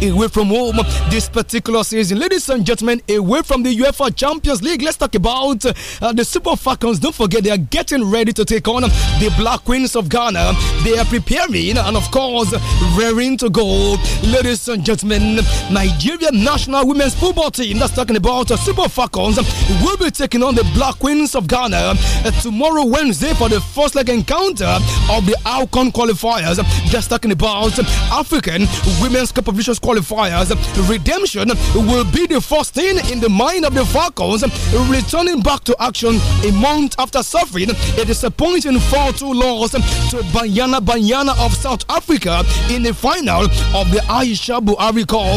away from home this particular season. Ladies and gentlemen, away from the UEFA Champions League, let's talk about uh, the Super Falcons. Don't forget, they are getting ready to take on the Black Queens of Ghana. They are preparing and, of course, raring to go. Ladies and gentlemen, Nigerian national women's football team that's talking about uh, Super Falcons will be taking on the Black Queens of Ghana uh, tomorrow, Wednesday, for the first leg encounter of the Alcon qualifiers, just talking about African Women's Cup of Nations qualifiers. Redemption will be the first thing in the mind of the Falcons, returning back to action a month after suffering a disappointing 4 2 loss to Banyana Banyana of South Africa in the final of the Aisha Buhari Cup.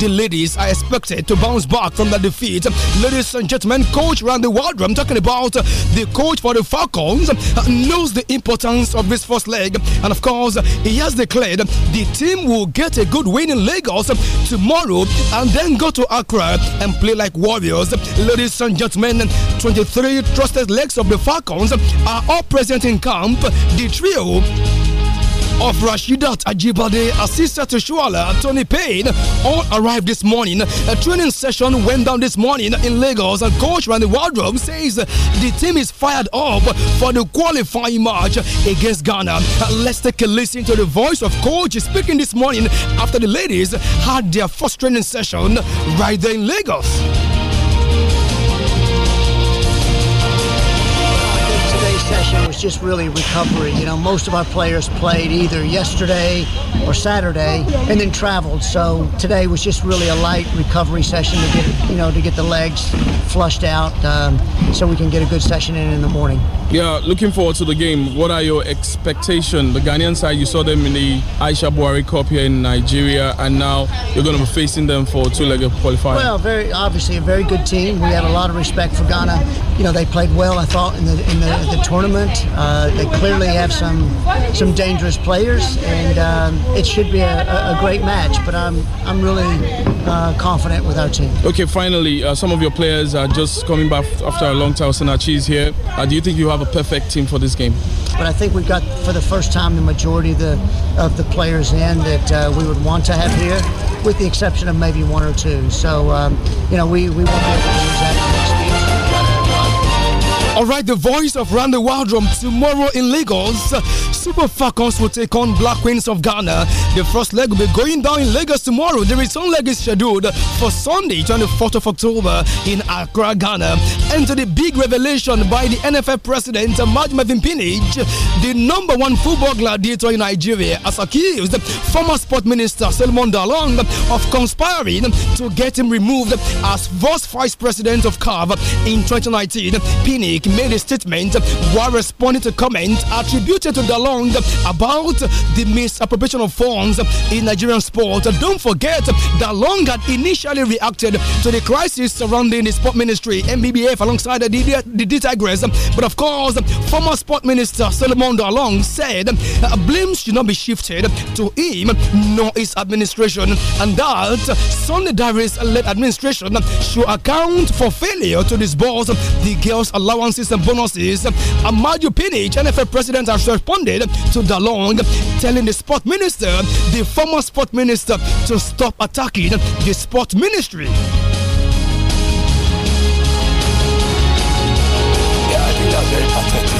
The ladies are expected to bounce back from the defeat. Ladies and gentlemen, coach Randy Waldrum talking about the coach for the Falcons knows the importance of this first leg. And of course, he has declared the team will get a good win in Lagos tomorrow and then go to Accra and play like warriors. Ladies and gentlemen, 23 trusted legs of the Falcons are all present in camp. The trio of Rashidat Ajibade, Asisa to and Tony Payne all arrived this morning. A training session went down this morning in Lagos, and coach Randy Wardrum says the team is fired up for the qualifying match against Ghana. Let's take a listen to the voice of coach speaking this morning after the ladies had their first training session right there in Lagos. session was just really recovery. You know, most of our players played either yesterday or Saturday and then traveled. So today was just really a light recovery session to get, you know, to get the legs flushed out um, so we can get a good session in in the morning. Yeah, looking forward to the game. What are your expectations? The Ghanaian side, you saw them in the Aisha Buhari Cup here in Nigeria, and now you're going to be facing them for two-legged qualifying. Well, very obviously a very good team. We had a lot of respect for Ghana. You know, they played well, I thought, in the in the, the tournament. Uh, they clearly have some some dangerous players, and um, it should be a, a, great match. But I'm I'm really uh, confident with our team. Okay, finally, uh, some of your players are just coming back after a long time. Senachi is here. Uh, do you think you have a perfect team for this game? But I think we got for the first time the majority of the of the players in that uh, we would want to have here, with the exception of maybe one or two. So um, you know we we won't be able to lose that. All right, the voice of Randy Waldrum tomorrow in Lagos. Super Falcons will take on Black Queens of Ghana. The first leg will be going down in Lagos tomorrow. The return leg is scheduled for Sunday, 24th of October in Accra, Ghana. And to the big revelation by the NFF president, Maj Mevin Pinage, the number one football gladiator in Nigeria, has accused former sport minister Solomon Dalong of conspiring to get him removed as first vice president of CAV in 2019. Pinage made a statement while responding to comments attributed to Dalong about the misappropriation of funds in Nigerian sport. Don't forget that Long had initially reacted to the crisis surrounding the sport ministry, MBBF, alongside the, the, the, the But of course, former sport minister Solomon Dalong said uh, blame should not be shifted to him nor his administration, and that Sunday Diaries led administration should account for failure to disburse the girls' allowances and bonuses. Amadou Pinich, NFA president, has responded to Dalong, telling the sport minister, the former sport minister, to stop attacking the sport ministry. very pathetic,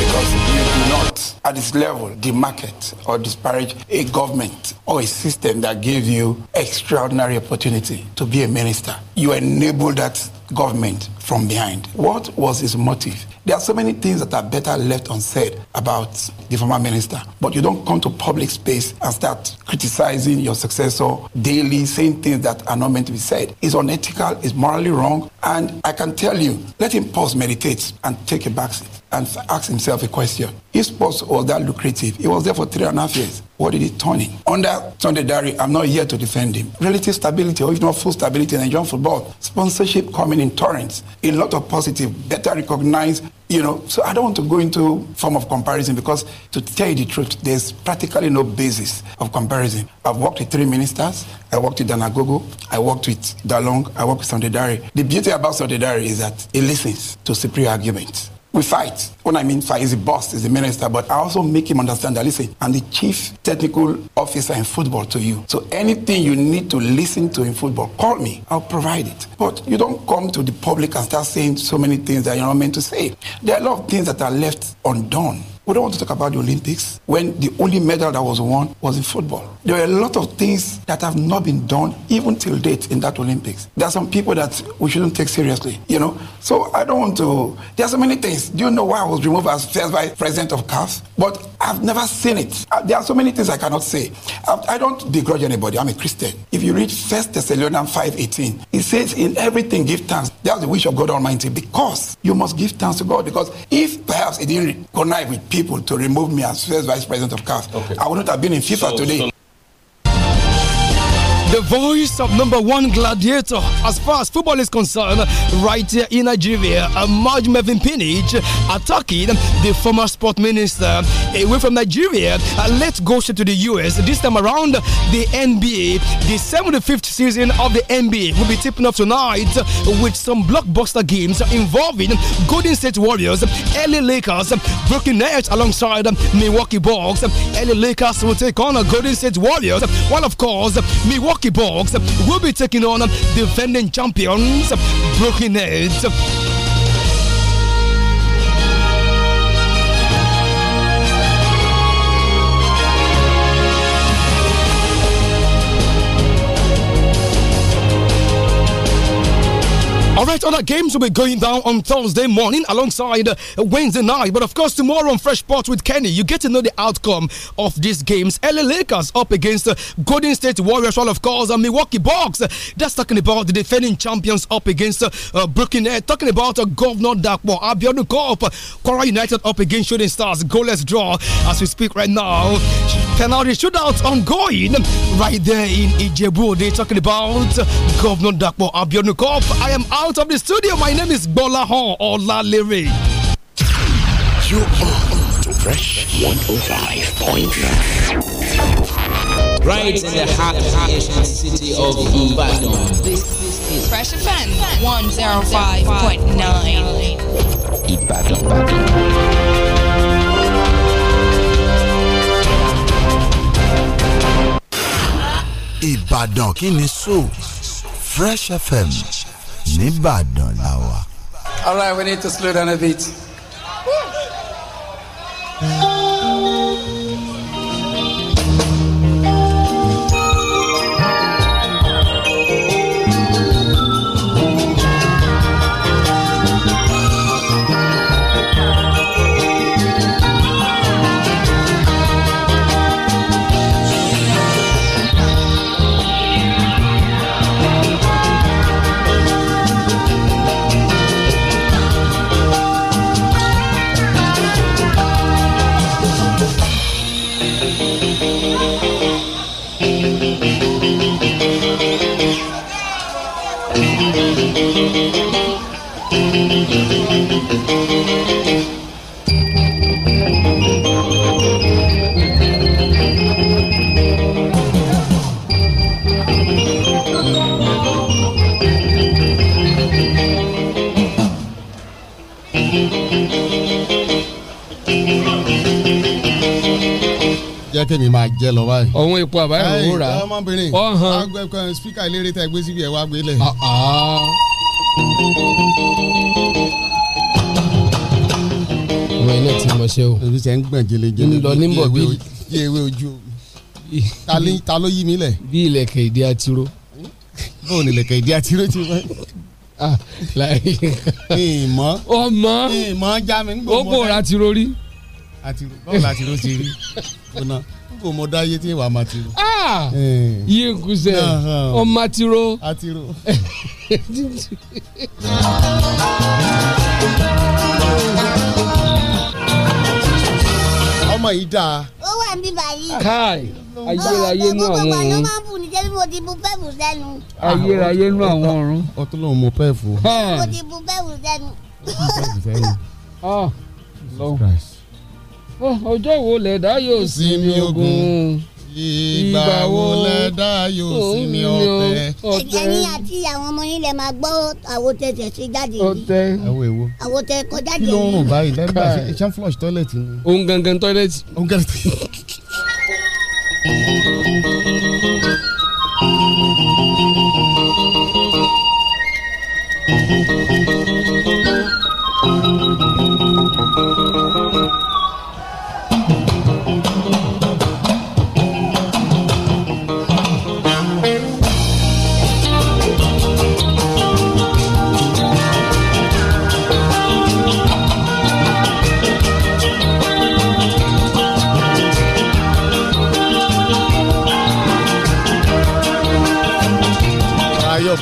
because you do not, at this level, market or disparage a government or a system that gave you extraordinary opportunity to be a minister. You enable that government from behind. What was his motive? There are so many things that are better left unsaid about the former minister. But you don't come to public space and start criticizing your successor daily, saying things that are not meant to be said. It's unethical, it's morally wrong. And I can tell you, let him pause, meditate, and take a backseat and ask himself a question. If sports was that lucrative, he was there for three and a half years. What did he turn in? Under Sunday Diary, I'm not here to defend him. Relative stability, or if not full stability in Nigerian football, sponsorship coming in torrents, a lot of positive, better recognized you know, so I don't want to go into form of comparison because to tell you the truth, there's practically no basis of comparison. I've worked with three ministers. I worked with Danagogo. I worked with Dalong. I worked with Sondedari. The beauty about Sondedari is that he listens to superior arguments. We fight. When I mean fight, is the boss, is the minister, but I also make him understand that, listen, I'm the chief technical officer in football to you. So anything you need to listen to in football, call me. I'll provide it. But you don't come to the public and start saying so many things that you're not meant to say. There are a lot of things that are left undone We don't want to talk about the Olympics when the only medal that was won was in football. There are a lot of things that have not been done even till date in that Olympics. There are some people that we shouldn't take seriously, you know. So I don't want to. There are so many things. Do you know why I was removed as first vice president of CAF? But I've never seen it. Uh, there are so many things I cannot say. I, don't begrudge anybody. I'm a Christian. If you read First Thessalonians 5:18, it says, "In everything give thanks." That's the wish of God Almighty, because you must give thanks to God. Because if perhaps it didn't connive with people to remove me as first vice president of CAF. Okay. I would not have been in FIFA so, today. So the voice of number one gladiator as far as football is concerned, right here in Nigeria. Amaj uh, Mevin Pinich attacking the former sport minister uh, away from Nigeria. Uh, let's go straight to the US. This time around, the NBA, the 75th season of the NBA, will be tipping off tonight with some blockbuster games involving Golden State Warriors, LA Lakers, Brooklyn Nets alongside Milwaukee Bucks. LA Lakers will take on Golden State Warriors, while of course Milwaukee Hockey Box will be taking on defending champions Brooklyn Nets. All right, other games will be going down on Thursday morning alongside uh, Wednesday night. But of course, tomorrow on Fresh Sports with Kenny, you get to know the outcome of these games. LA Lakers up against uh, Golden State Warriors, all of course, and uh, Milwaukee Bucks. That's talking about the defending champions up against uh, Brooklyn Nets. Talking about uh, Governor Dakpo, Abiodun Corp, Kora United up against Shooting Stars. Goalless draw as we speak right now. Penalty shootout ongoing right there in Ijebu. They're talking about Governor Dakpo, Abiodun Corp. I am out out of the studio. My name is Bola Ola Olalere. You are to Fresh 105.9. Right in the heart of the city of Ibadan. This is Fresh Offense 105.9. Ibadan. Ibadan. Ìbàdàn kí ni sọ Fresh FM nìbàdàn la wà. all right we need to slow down a bit. Woo. jẹ́ kí mi máa jẹ́ lọ báyìí. òun epo àbáyọ̀ òwúrà ọ̀hún. ọmọbìnrin ọgbẹ́ kan spíkà eléré tẹ́ gbé síbi ẹ̀ wá gbélé ọmọ ilé tí mo ṣe o. èmi ṣe ń gbọ̀n jelejele. ń lọ níbọ̀ bí bí ewé ojú omi. ta ló yí mi lẹ̀. bí ilẹ̀kẹ̀ ìdí àtiró. bó o ní ilẹ̀kẹ̀ ìdí àtiró ti wá. Ah, ìmọ̀ ọmọ ìmọ̀ já mi ń gbòmọ̀. ó gbòòrò àtiró rí. báwo la àtiró ti rí. n kò mọ dáyé tí ìwà máa ti rò. Ah, yìí nkùsẹ̀ ọmọ àtiró. àtiró. ọmọ yìí dáa. ó wà ń bíbá yìí. káì ayérayé nú àwọn ọ̀run. ló máa ń bù ní jẹ́bí mo ti bu pẹ́ẹ̀fù sẹ́nu. ayérayé nú àwọn ọ̀run. ọtún lòun mo pẹ́ẹ̀fù. mo ti bu pẹ́ẹ̀fù sẹ́nu. Ah, ah, ọjọ́ wo lẹ̀dá yóò sinmi ogun ìgbà wo lẹ dá yóò sí ní ọ̀tẹ̀. ẹ̀yin àti àwọn ọmọ yín lè máa gbọ́ àwòtẹ́ tẹ̀ ṣe jáde yìí. ọ̀tẹ̀ àwọ̀ èwo. àwòtẹ́ kọjá jẹ yìí. kí ló ń rùn báyìí lẹ́nu bá ṣe flush toilet ni. òun gangan toilet. òun gangan toilet. Thank you.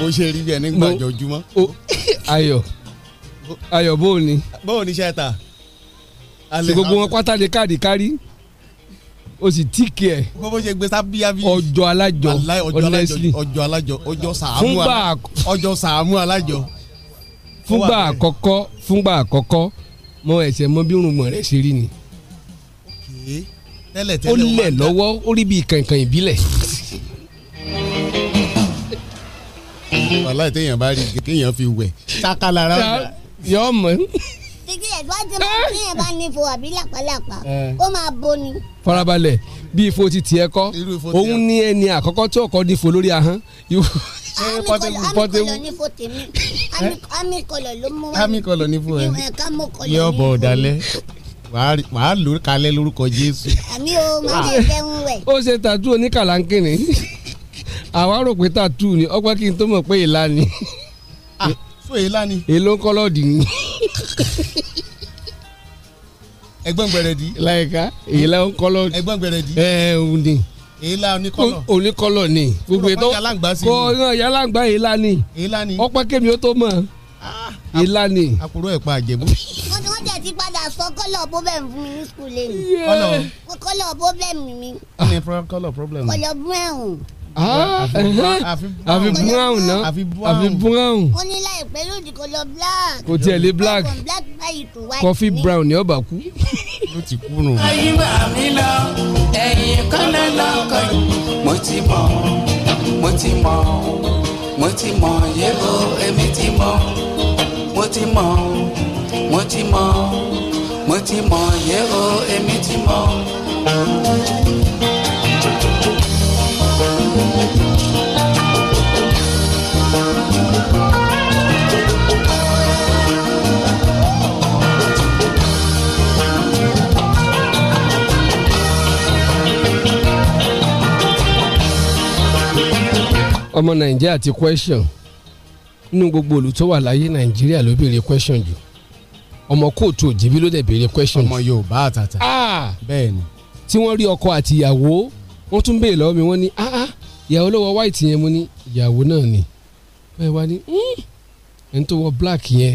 mo ṣe rí bí ẹni gbàjọ ojúmọ́. ayọ̀ ayọ̀ bó o ní. bó o ní ṣe ta. ṣe gbogbo wọn pátá ni káàdì kárí o sì tíìkì ẹ. gbogbo ṣe gbé sábíyá bí. ọjọ́ alájọ honestly ọjọ́ alájọ ọjọ́ sàámú ọjọ́ sàámú alájọ. fúngbà àkọ́kọ́ fúngbà àkọ́kọ́ mo ẹ̀sẹ̀ mọ bí irùngbọ̀n rẹ̀ ṣe rí ni. tẹ́lẹ̀ tẹ́lẹ̀ ó lẹ̀ lọ́wọ́ ó rí bí kankan ìbílẹ̀ wàhálà téèyàn bá rí kéèyàn fi wẹ̀ sákàlára yọ mọ. títí ẹ̀dùwájú máa ń téèyàn bá ní ifo àbí làpálàpá eh. ó máa boni. farabalẹ̀ bí ifo ti tiẹ̀ kọ́ òun ní ẹni àkọ́kọ́ tí ọkọ̀ ní ifo lórí ahọ́n pọtẹwu amikọlọ ní fún ẹ yọ bọ ọdalẹ wàá lò kalẹ lórúkọ Jésù. àmì o màá lè fẹ́ ń wẹ̀. ó ṣe tàdúrà ní kàlánkìnrin. àwa rò pé ni ọpẹ́ kí n tó mọ̀ pé èlà ni. Ah, so èlà ni. èlò ń kọ́lọ́ọ̀dì ni. ẹgbọ́n gbẹrẹdì. láyìíká èlà ń kọ́lọ́ọ̀dì. ẹgbọ́n gbẹrẹdì. ẹ ẹ òun ni èélá oníkọlọ ni gbogbo ètò kọ ọyàn yálàǹgbá ni ọpẹ́ kémi ó tó mọ ah, ni. àkùrọ̀ ẹ̀ pa àjẹmú. mo ti wọ́n jẹ́ ti padà sọ kọ́lọ̀ bóbẹ̀mù fún mi ní skul àfi brown náà àfi brown. ó ní láìpẹ́ lòdì kò lọ black. kò tiẹ̀ lé black coffee brown ni ọba kú. ló ti kú nù. ẹ̀yin bá mi lọ ẹ̀yin kọ́lá lọkọ yìí mo ti mọ mo ti mọ mo ti mọ yẹ́bù èmi ti mọ mo ti mọ mo ti mọ mo ti mọ yẹ́bù èmi ti mọ. ọmọ nàìjíríà ti question nínú gbogbo òlù tó wà láyé nàìjíríà ló béèrè question jù ọmọ kóòtù òjìbí ló dẹ̀ béèrè question jù. ọmọ yorùbá àtàtà. Ah! bẹ́ẹ̀ ni. tí wọ́n rí ọkọ àti ìyàwó wọ́n tún béèrè lọ́wọ́ mi wọ́n ní ah, ah, ìyàwó ló wọ white yẹn mo ní ìyàwó náà ni bẹ́ẹ̀ wá ní hmm. ẹni tó wọ black yẹn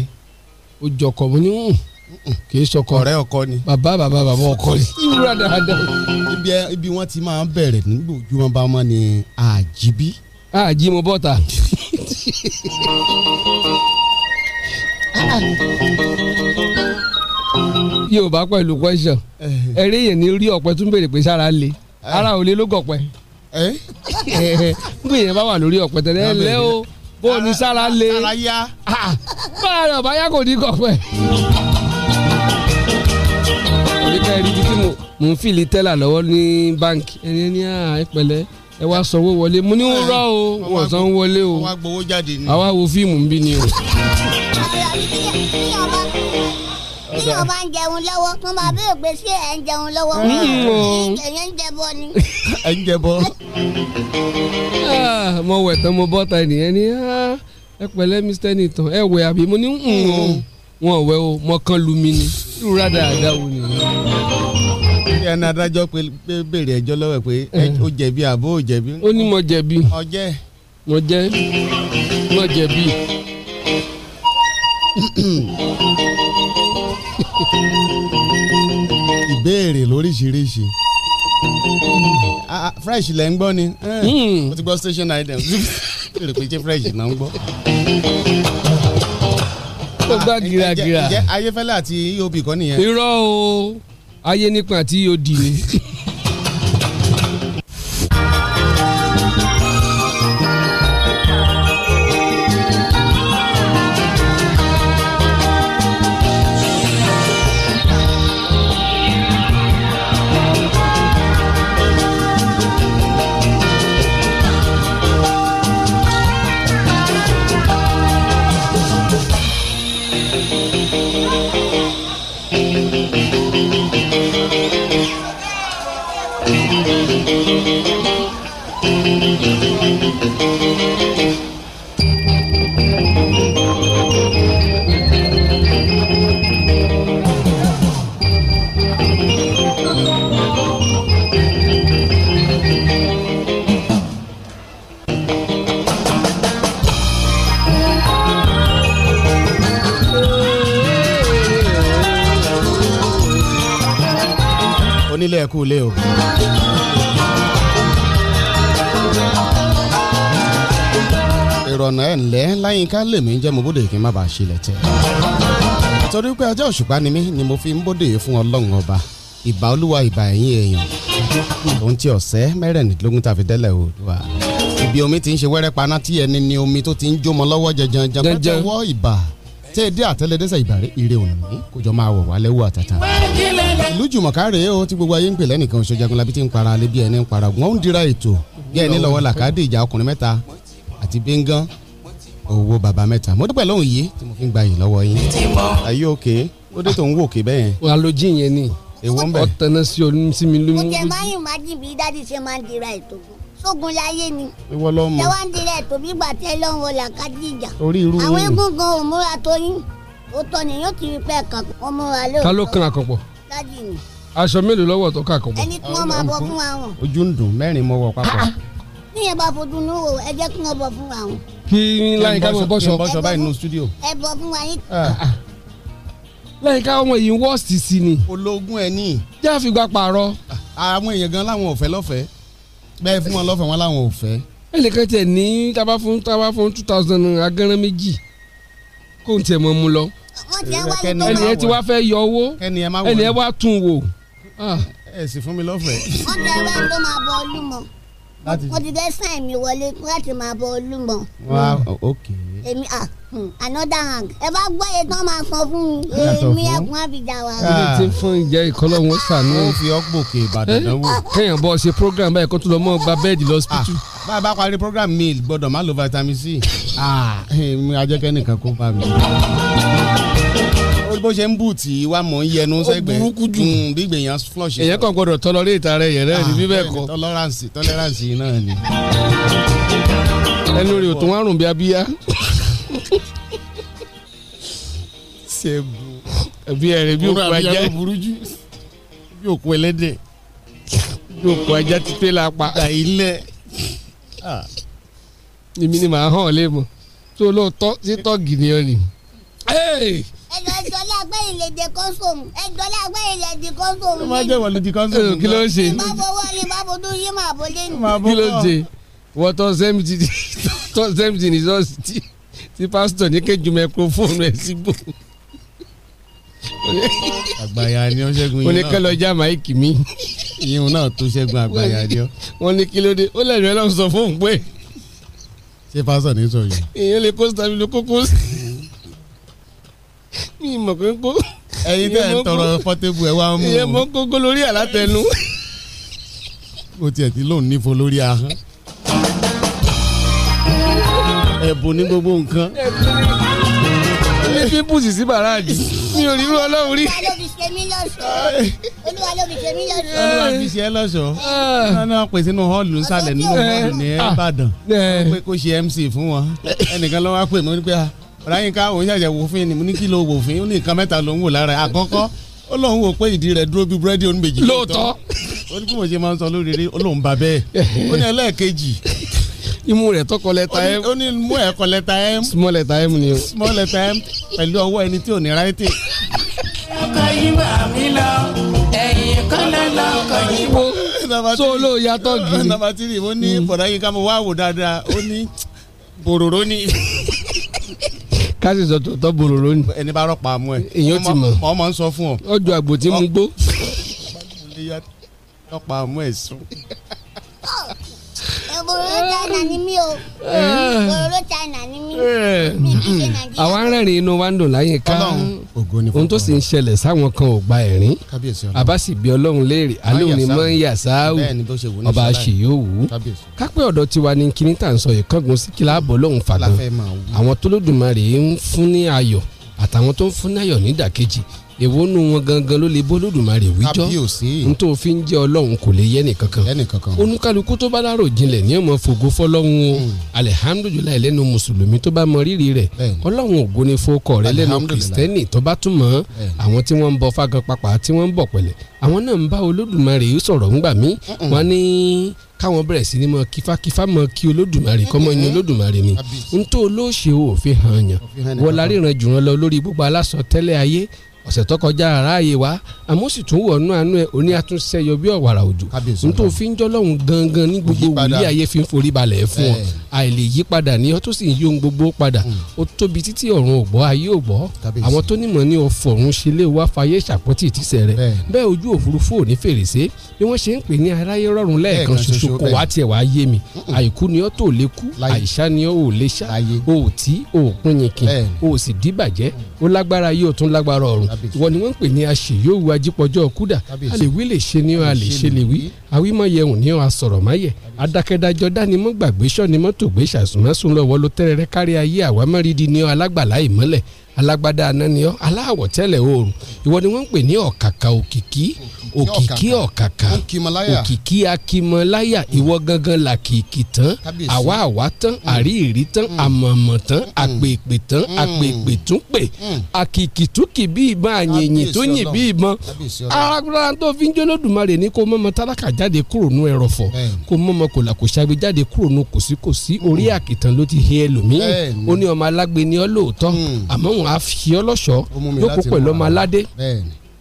ó jọkọ̀ mo ní hmm, hmm, kì í sọkọ ọ̀rẹ́ ọkọ ni bàbá bàbá bàbá ọkọ ni. ibi wọn ti máa ń bẹ̀rẹ̀ nígbà ojú wọn bá mọ́ ni àjíbí. Ah, àjímọ̀ ah, bọ́ta. yorùbá pẹ̀lú question eh. ẹ̀rí yẹn ní rí ọ̀pẹ tún béèrè pé sára le eh. ara ò lè ló gọ̀pẹ́ eh. gbé yẹn bá wà lórí ọ̀pẹ tẹ̀lé ẹ lẹ́ o bó o ní sára le bára rẹ̀ ọ̀bá yá kò ní gọ̀pẹ́. oríkà ẹ̀rí bíi tí mo ń fìlì tẹ́là lọ́wọ́ ní báńkì ẹni ẹni àìpẹ̀lẹ́. Ah, ẹ wá sanwó wọlé mo ní ń rọ o wọn san wọlé o àwa wo fíìmù ń bí ni o. bí o bá ń jẹun lọ́wọ́ mo máa bí ògbé sí ẹ̀ ń jẹun lọ́wọ́ ẹ̀yẹ hmm, ń jẹbọ ni. ẹ̀ ń jẹbọ. Ah, mo wẹ̀ tán mo bọ́ ta ènìyàn ní ah, ẹ pẹ̀lẹ́ Mr. Nìtàn ẹ wẹ̀ àbí mo ní ń hmm, hùn o wọn ò wẹ̀ o mo kàn lu mi ni irú rádàá àdáwò nìyẹn kí ẹni adájọ́ pé béèrè ẹjọ́ lọ́wọ́ pé ó jẹ̀bi àbó ò jẹ̀bi. ó ní mo jẹ̀bi. ọjẹ́. mo jẹ́ mo jẹ̀bi. ìbéèrè lóríṣiríṣi fresh lẹ ń gbọ́ ni hmm. mo ti gbọ́ station item lè pè jẹ́ fresh náà ń gbọ́. ó gbá gírágírá. ayéfẹ́lẹ́ àti eob kọ́ nìyẹn. irọ́ o ayé nípìn àti odì ni. kú ilé o. ìrọ̀nà ẹ̀ ńlẹ́ láyínká lèmi ń jẹ́ mo bóde kí n má bàa ṣílẹ̀ tẹ̀. torí pé ajá òṣùpá ni mí ni mo fi ń bóde fún ọlọ́run ọba ìbà olúwa ìbà ẹ̀yìn èèyàn òun ti ọ̀sẹ́ mẹ́rẹ̀ẹ́dínlógún tàbí dẹ́lẹ̀ òdùwà ibi omi ti ń ṣe wẹ́rẹ́ paná tí ẹni ni omi tó ti ń jó mọ́ lọ́wọ́ jẹjẹrẹ jẹjẹrẹ wọ́ ìbà tẹ́ ẹ dé àtẹ́lẹdẹ́sẹ̀ ìbàrẹ́ ire òní kò jọ máa wọ̀ wá lẹ́wọ́ àtàtà. ìlú jùmọ̀ká rèé o gbogbo ayé ń pè lẹ́nìkan oṣù jagunlabi ti ń para alẹ́ bí ẹni ń para gun ń dira ètò bí ẹni lọ́wọ́ làkàdé ìjà ọkùnrin mẹ́ta àti bẹ́ngàn owó baba mẹ́ta mo dúpẹ́ lóhùn yìí tí mo fi ń gba yìí lọ́wọ́ yín. ayé òkè ó dé tó ń wò òkè bẹ́ẹ̀. wà á lo jí yẹn ni. èwo ń bẹ̀. mi lómi sógun láyé ni. ìwọ lọ mọ. tẹwọ́n ti rẹ̀ tóbi gbà tẹ́ lọ́hùn ọ̀là kájí ìjà. orí irú yìí. àwọn eégún gan ò múra tóyún ó tọ́ ni yóò ti rí pẹ́ kàn kó múra lóòótọ́. ká ló kan àkànpọ̀. lájì ni. aṣọ mélòó lọ́wọ́ tó kàkọ́ bọ̀. ẹni tí wọ́n máa bọ fún wa wọn. ojú ń dùn mẹ́rin mọ́ wọ papọ̀. níyẹn ah, ah. bá fojú ní wo ẹ jẹ́ kí wọ́n bọ fún wa wọn. kí láyìnká mo bọ́sọ bọ́sọ báyìí nù studio. ẹ bọ fún wa yín. Ah, láyìnká ọmọ yìí wọ́ọ̀sì sí ni. ológun ẹ ní. jáfìgbà pààrọ̀. àwọn èèyàn gan láwọn ọ̀fẹ́ lọ́fẹ̀ẹ́ bẹ́ẹ̀ fún wọn lọ́fẹ̀ẹ́ wọn làwọn ò fẹ́. ẹnìkan tẹ ní taba fún taba fún two thousand agẹ́rẹ́ méjì kó n tiẹ̀ mọ́ mu lọ. ẹnì yẹn ti wá fẹ́ yọ owó ẹnì yẹn wá tún wò. Ah. ẹ sì fún mi lọ́fẹ̀ẹ́. wọ́n tẹ wá ló máa bọ ọlú mọ́ wọ́n ti fẹ́ sàn mí wọlé láti máa bọ olúmọ. Oh, èmi ah, hmm, another hang ẹ bá gbọ́ yẹn tán máa sọ fún mi èmi ẹkùn àbíjà wa. kí ti fún ìjẹ́ ìkọlọ́wọ́ sànú. ó fi ọgbọ̀kè Ìbàdàn dánwò. Eh, kéèyàn bọ́ ṣe program báyìí kó tó lọ mọ́ gba bẹ́ẹ̀dì lọ́sibítù. Ah, bá a bá parí program mi gbọ́dọ̀ má lo vitamin C. Ah, eh, mi ajẹ́kẹ́ nìkan kó bá mi bó ṣe ń bù tí wàá mọ̀ ń yẹnu sẹ́gbẹ̀ẹ́ ó burúkú jù hmm, bí gbèyàn flush. èyàn kan gbọdọ̀ tọlọrí ìta rẹ yẹrẹ ni bí bẹ́ẹ̀ ah, tolerance tolerance náà ni. ẹnu rẹ̀ ò tún wá rùn bí abíyá. ṣe ẹbí ẹ̀rẹ̀ bí òkú ajá bí òkú ẹlẹ́dẹ̀ bí òkú ajá ti pé la àìlẹ̀ ah. èmi ni màá hàn lé mọ́ tó lóòótọ́ sí tọ́ọ̀gì ni ọ ni ẹjọlẹ agbẹyin lè di kọsọmù ẹjọlẹ agbẹyin lè di kọsọmù. ó máa jẹ́ wọ́n lè di kọsọmù. kí ló ń ṣe. bá fọwọ́ ni bá fojú yí máa bọ́ lé ní. kí ló ń ṣe wọ́n tọ́ sẹ́mìtì tọ́ sẹ́mìtì ní sọ́ọ̀sì tí pásítọ̀ ní kéjú mẹ́kúrófóònù ẹ̀ sígbó. àgbàyà ni ó ṣẹ́gun yìí náà. oníkẹ́lọ́ já máìkì mi. ìyẹn náà tó ṣẹ́gun àgbàyà ni ó. wọ́n ní kí ló dé ó ní ìmọ̀ pé kó. ẹyin tẹ́ ń tọrọ pọ́tébù ẹ wá mú ìyẹn mọ gógó lórí àlátẹnu. o tiẹ̀ ti lóun nífo lórí ahọ́n. ẹ̀bùn ní gbogbo nǹkan. ní pípùsì sí bàràdì mi ò rírú ọlọ́run rí. olúwa ló fi ṣe mí lọ́sọ̀ọ́. olúwa ló fi ṣe mí lọ́sọ̀ọ́. olúwa fi ṣe ẹ lọ́sọ̀ọ́. wọn ah. náà pè sínú hall nsàlẹ̀ nínú hall ní ah. Ìbàdàn. wọ́n eh. pé kó ṣe MC fún wọn. Eh. ẹnìkan lọ́wọ́ á pè mí pé a. Ah, ọ̀làyínká òun ṣẹ̀ṣẹ̀ wò ni mo ní kí ló wò ó ní nǹkan mẹ́ta ló ń wò lára àkọ́kọ́ ó lóun wò pé ìdí rẹ̀ dúró bí búrẹ́dì oníbejì lóòótọ́ ó ní kí mo ṣe máa ń sọ lórí ó lóun bá bẹ́ẹ̀ ó ní ẹlẹ́ẹ̀kejì imú rẹ̀ tó kọ m ó ní imú ẹ̀ kọ m small lẹ́tà m ni o small lẹ́tà m pẹ̀lú ọwọ́ ẹni tí ò ní ráìtì. ọkọ yìí bà mí lọ ẹ̀yìn kọ́lá lọ ọkọ yìí wo káṣí sọ̀tọ̀ tọ́ bòròrò ni. ẹni bá rọpa mú ẹ. èyàn ti mọ̀ ọmọ ń sọ fún ọ. ọjọ́ àgbò tí mo gbó. rọpa mú ẹ sùn ògòrò china ni mí o ògòrò china ni mí mi kì í ṣe nàìjíríà. àwọn arẹ́rìn inú wa ń dùn láyé ká ohun tó sì ń ṣẹlẹ̀ sáwọn kan ò gba ẹ̀rín àbá ọlọ́run léèrè alóhùn ni mọ́ ń yà sáàwù ọba àṣeyọ̀wù kápẹ́ ọ̀dọ̀ tiwa ni kíní tà ń sọ yìí sí kíláàbọ̀ lọ́hùn fàgbọ́n àwọn tó lódùmarè ń fún ní ayọ̀ àtàwọn tó ń fún ní ayọ̀ nídàkejì èwo nu wọn gangan ló lè bólódùmarè wíjọ́ n tó fi ń jẹ́ ọlọ́run kò lè yẹ́ nìkankan onúkálukú tó bá dárò jinlẹ̀ ní ọmọ fògo fọlọ́run o hmm. alihamudulilayi lẹ́nu mùsùlùmí tó bá mọ rírì rẹ̀ ọlọ́run ògo ni fọkọ rẹ̀ lẹ́nu kìrìsìtẹ́nì tó bá túmọ̀ àwọn tí wọ́n ń bọ fagan papà tí wọ́n ń bọ̀ pẹ̀lẹ́ àwọn náà ń bá olódùmarè yìí sọ̀rọ̀ ńgbà mí wọ́n ní káwọn bẹ̀rẹ̀ sí ni mọ kífákífá mọ kí olódùmarè kọ́ mọ yin olódùmarè ni n tó olóòṣè òfin hàn yàn wọ́n la ríran jùlọ lọ lórí gbogbo alásọ tẹ́lẹ̀ ayé ọ̀sẹ̀ tó kọjá aráàyè wa àmọ́ sì tún wọ̀ nú àánú ẹ̀ òní àtúnṣeyọ bí ọ̀wàrà òjò n tó fi ń jọ́lọ́hún gangan ní gbogbo wòlíì ayé fi ń forí balẹ̀ fún ọ àìlè yí padà ní ọ tó sì ń yí ohun gbogbo padà hmm. ó tóbi títí ọ̀run ò gbọ́ ayé ò gbọ́ àwọn tó nímọ̀ ní ọ̀fọ̀ ọ̀run ṣe lé wá fayé ṣàpótì ìtísẹ̀ rẹ̀ bẹ́ẹ̀ ojú òfurufú ò ní fèrèsé bí wọ́n ṣe ń pè ní aráyé rọ̀rùn lẹ́ẹ̀kan ṣoṣo kò wá tiẹ̀ wá yé mi àìkú ni ọ tó lè kú àìsá ni ọ ò lè ṣá òòtí òòpin yìnkìn òòsì díbàjẹ́ ó lágbára yóò tún lágbára ọ̀run ìwọ ni wọ́n ń pè ní aṣèyóòwò ajípọ̀jọ́ kúdà a lè wí lè ṣe ni a lè ṣe lè wí àwímọ̀yẹ̀hùn ni a sọ̀rọ̀ máyẹ̀ adákẹ́dájọ́ dánimọ̀ gbàgbé sọ́nimọ́tò gbé ṣàṣùmọ́sùn lọ́wọ́ ló tẹ́rẹ̀rẹ́ kárí ayé àwa mọ́rídìí ni alágbàlá ìmọ́lẹ̀ alágbádá anániọ́ aláwọ̀ tẹ́lẹ̀ oòrùn ìwọ ni wọ́n ń pè ní ọ̀kàkà òkìkí òkìkí ọ̀kàkà òkìkí akímọláyà ìwọ gangan là kìkì tán àwa àwa tán mm. àrí ìrí tán mm. àmọ̀mọ̀ tán mm. àpèpè tán àpèpè tún pè àkìkì túkì bí ìbọn àyìnyìn tó yìn bí ìbọn ara tó fi ń jó lódùmarè ní kó mọ́mọ́ tálákà jáde kúrò nú ẹrọ̀fọ̀ kó mọ́mọ́ kò là kò ṣàgbé jáde kúrò nú kòsíkòsí orí àkìtàn ló ti he ẹlòmíì ó ní ọmọ alágbe ni àmọ́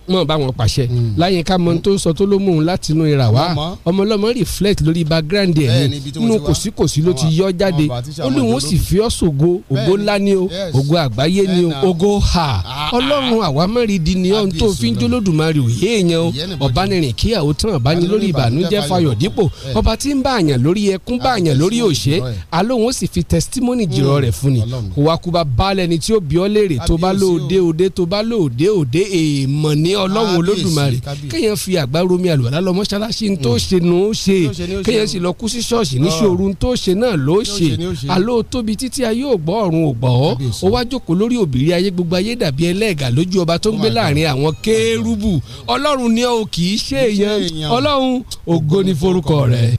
mọ̀ bá wọn pàṣẹ hmm. láyé ká mọ tó sọ tó ló mú un láti inú ìrà wá ọmọ ọlọ́mọ reflect lórí background ẹ̀ ni inú kòsíkòsí ló ti yọ jáde ó ní wọn sì fi ọ́ sògo ògo ńlá ni o ògo àgbáyé ni o ògo ha ah, ah, ah, ọlọ́run àwámẹ́rìndì ni ọ́n tó fi ń jólódùmarè òye èèyàn o ọ̀bánirin kíyà ó tán ọ̀báni lórí ìbànújẹ́ fayọ̀ dípò ọba tí ń bá àyàn lórí ẹkún bá àyàn lórí òṣè alóhùn ó sì fi testimony hmm. jìrọ̀ rẹ̀ fún ni kò wá kú bá balẹ̀ ni tí ó bí ọ léèrè tó bá lóòdé òde tó bá lóòdé òde èèmọ̀ ni ọlọ́run olódùmarè kéèyàn fi àgbáromi àlùbàlà lọ mọ́ṣáláṣí ń tó hmm. ṣe nù ó ṣe kéèyàn sì lọ kú sí ṣọ́ọ̀ṣì níṣòro ah. ń tó ṣe náà ló ṣe àlọ́ tóbi títí ayé ò gbọ́ ọ̀run ò ó wá jókòó lórí òbírí ayé gbogbo ayé dàbí ẹlẹ́gà lójú ọba tó ń gbé láàrin àwọn kérúbù ọlọ́run ni ó kì í ṣe èèyàn ọlọ́run ògo ni forúkọ rẹ̀.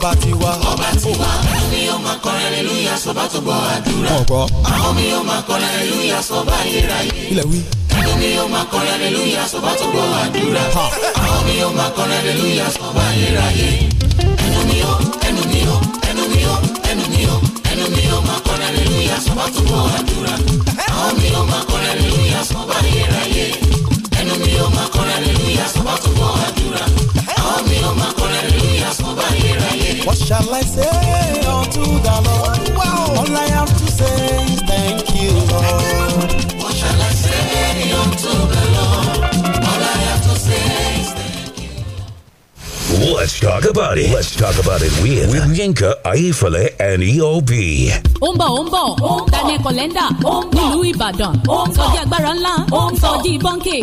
ọba ti wá. ọba ti wá àwọn mi yóò máa kọrin aleluya sọba tó gbọ́ àdúrà. ọ̀pọ̀ àwọn mi yóò máa kọrin aleluya sọba ayérayé. ilẹ̀ wí. àwọn mi yóò máa kọrin aleluya sọba tó gbọ́ àdúrà. àwọn mi yóò máa kọrin aleluya sọba ayérayé. ẹnu mi yó ẹnu mi yó ẹnu mi yó ẹnu mi yó ẹnu mi yó máa kọrin aleluya sọba tó gbọ́ àdúrà. àwọn mi yóò máa kọrin aleluya sọba ayérayé. ẹnu mi yó máa kọrin aleluya sọba tó gbọ́ àdúrà. àwọn mi yóò máa kọrin. What shall I say unto the Lord? All I have to say Let's talk about it. Let's talk about it with, with Yinka, Aifale and EOB. Ó ń bọ̀ ó ń bọ̀ Daniel Kọ̀lẹ́ndà nílùú Ìbàdàn sọjí agbára ńlá sọjí bọ́ńkè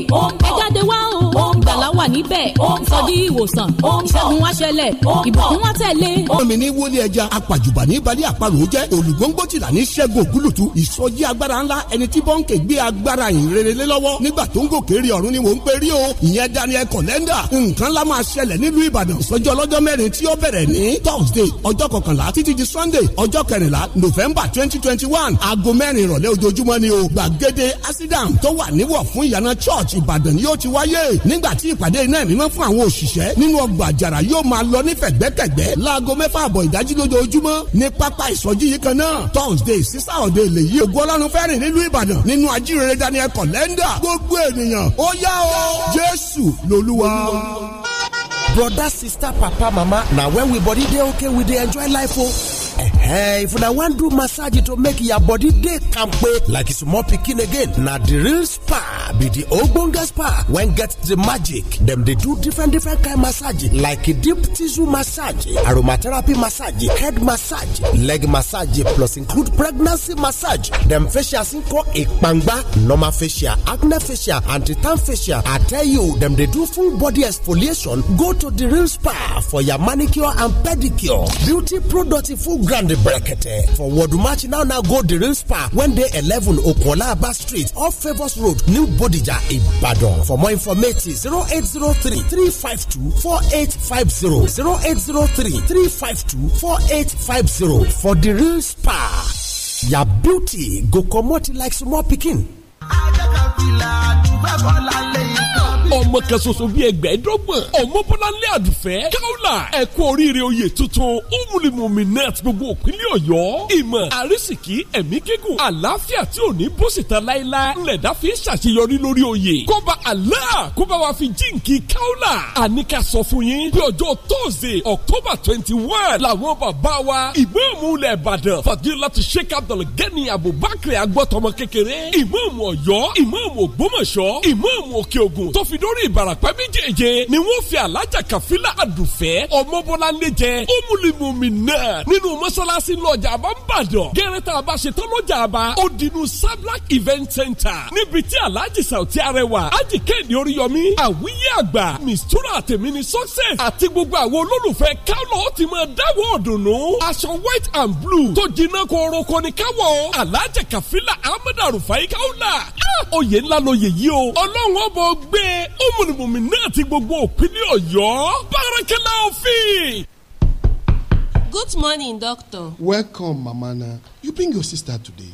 ẹ jáde wá o gbàlá wà níbẹ̀ sọjí ìwòsàn ìṣẹ́gun wá ṣẹlẹ̀ ìbùkún wá tẹ̀lé. Ọmọ mi ní wọlé ẹja apàjùbà ní balẹ̀ àparò jẹ́ olùgbóngbòtìlà ní ṣẹ́gun ògúlùtù ìsọjí agbára ńlá ẹni tí bọ́ńkè gbé agbára ìrere lọ́wọ́ nígbà tó ń gòkè rí ọ̀run ni mò ń pè rí o ìyẹn dani kolenda nǹkan lá máa ṣẹlẹ̀ nílùú Ìbàdàn ìbàdàn sọ́jọ́ ọlọ́jọ́ mẹ́rin tí ó bẹ̀rẹ̀ ní thursday ọjọ́ kọkànlá títí di sunday ọjọ́ kẹrìnlá november twenty twenty one aago mẹ́rin ìrọ̀lẹ́ ojoojúmọ́ ni o gbàgede asidam tó wà níwọ̀ fún ìyànà church ìbàdàn ni yóò ti wáyé nígbà tí ìpàdé iná ìmímọ́ fún àwọn òṣìṣẹ́ nínú ọgbà àjàrà yóò máa lọ ní fẹ̀gbẹ́kẹ̀gbẹ́ láago mẹ́fà àbọ̀ ìdájí lójoojúmọ́ ní pápá ìsọjí yìí kan náà thursday sísá òde èlé yìí ògo ọlọ́run fẹ́rìn nílùú ìbàdàn nínú ajírere daniel kọ̀lẹ́ndà gbogbo ènìyàn ó yá o jésù lolúwa. Brother, sister papa mama na when we body dey okay we dey enjoy life o oh if una wan do massage to make your body dey kampe like small pikin again na the real spa be the ogbonge spa wey get the magic dem dey do different different kind massage like deep tissue massage aromatherapy massage head massage leg massage plus include pregnancy massage dem facials nkọ ìpangba normal facial acne facial anti-tan facial i tell you dem dey do full body exfoliation go to the real spa for your manicure and pedicure beauty product full grand bracket For match now now go the real spa when they 11 Okolaba Street off Favors Road, New Bodija, Ibadan. For more information 0803 352 4850 0803 352 4850 for the real spa. Your beauty go commodity like small picking ọmọ kan ṣoṣo bíi ẹgbẹ̀ẹ́dọ́gbọ̀n ọmọbọ́láńlé àdùfẹ́ káwùlà ẹ̀kú oríire oyè tuntun umulimumi net gbogbo òpínlẹ̀ ọ̀yọ́ ìmọ̀ àrísìkí ẹ̀mí gígùn àlàáfíà tí ò ní bó sì ta láéláé ńlẹ̀dá fi ń ṣàṣeyọrí lórí oyè kọ́ba Allah kó bá wa fi jíǹkì káwùlà àníkà sọ fún yín bí ọjọ́ tóòzè October twenty one làwọn bàbá wa ìmáàmù ilẹ̀ Ìbàdàn fàdílàtì Sheikh Abdulgani Abubakar agbọ́tọmọ kékeré ìmáàmù Ọ̀yọ́ ìmáàmù Ògbómọ̀ṣọ́ ìmáàmù Òkè Ògùn tó fi fi bara ìbarapẹ́ méjèèje ni wọ́n fi alájà kàfílà àdùfẹ́ ọmọbọ́láńdé jẹ ómùlímùmí náà nínú mọ́sálásí lọ́jà àbá ń bàdàn gẹ́rẹ́tà àbá lọ́jà àbá sablak event center níbi tí alájì sàùtí arẹwà ájì kéde oríyọmí àwíyé àgbà mistura àtẹ̀mí success àti gbogbo àwọn olólùfẹ́ kálọ̀ ti máa white and blue tó jiná kórokò ní káwọ́ alájà kàfílà oyè ńlá lóye yìí o ọlọ́run ọ̀bọ̀ gbé ọmọnìmọ̀mí náà ti gbogbo òpínlẹ̀ ọ̀yọ́ bárakẹ́lá òfin. good morning doctor. welcome mamana you bring your sister today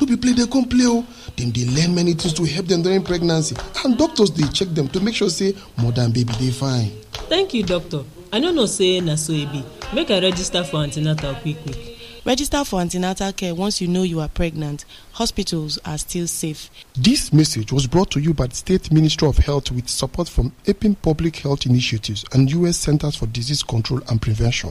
no be play dem come play o oh. dem dey learn many things to help dem during pregnancy and doctors dey check dem to make sure say mother and baby dey fine. thank you doctor i no know say na so e be make i register for an ten atal quick quick. register for an ten atal care once you know you are pregnant hospitals are still safe. this message was brought to you by the state ministry of health with support from apim public health initiatives and us centers for disease control and prevention.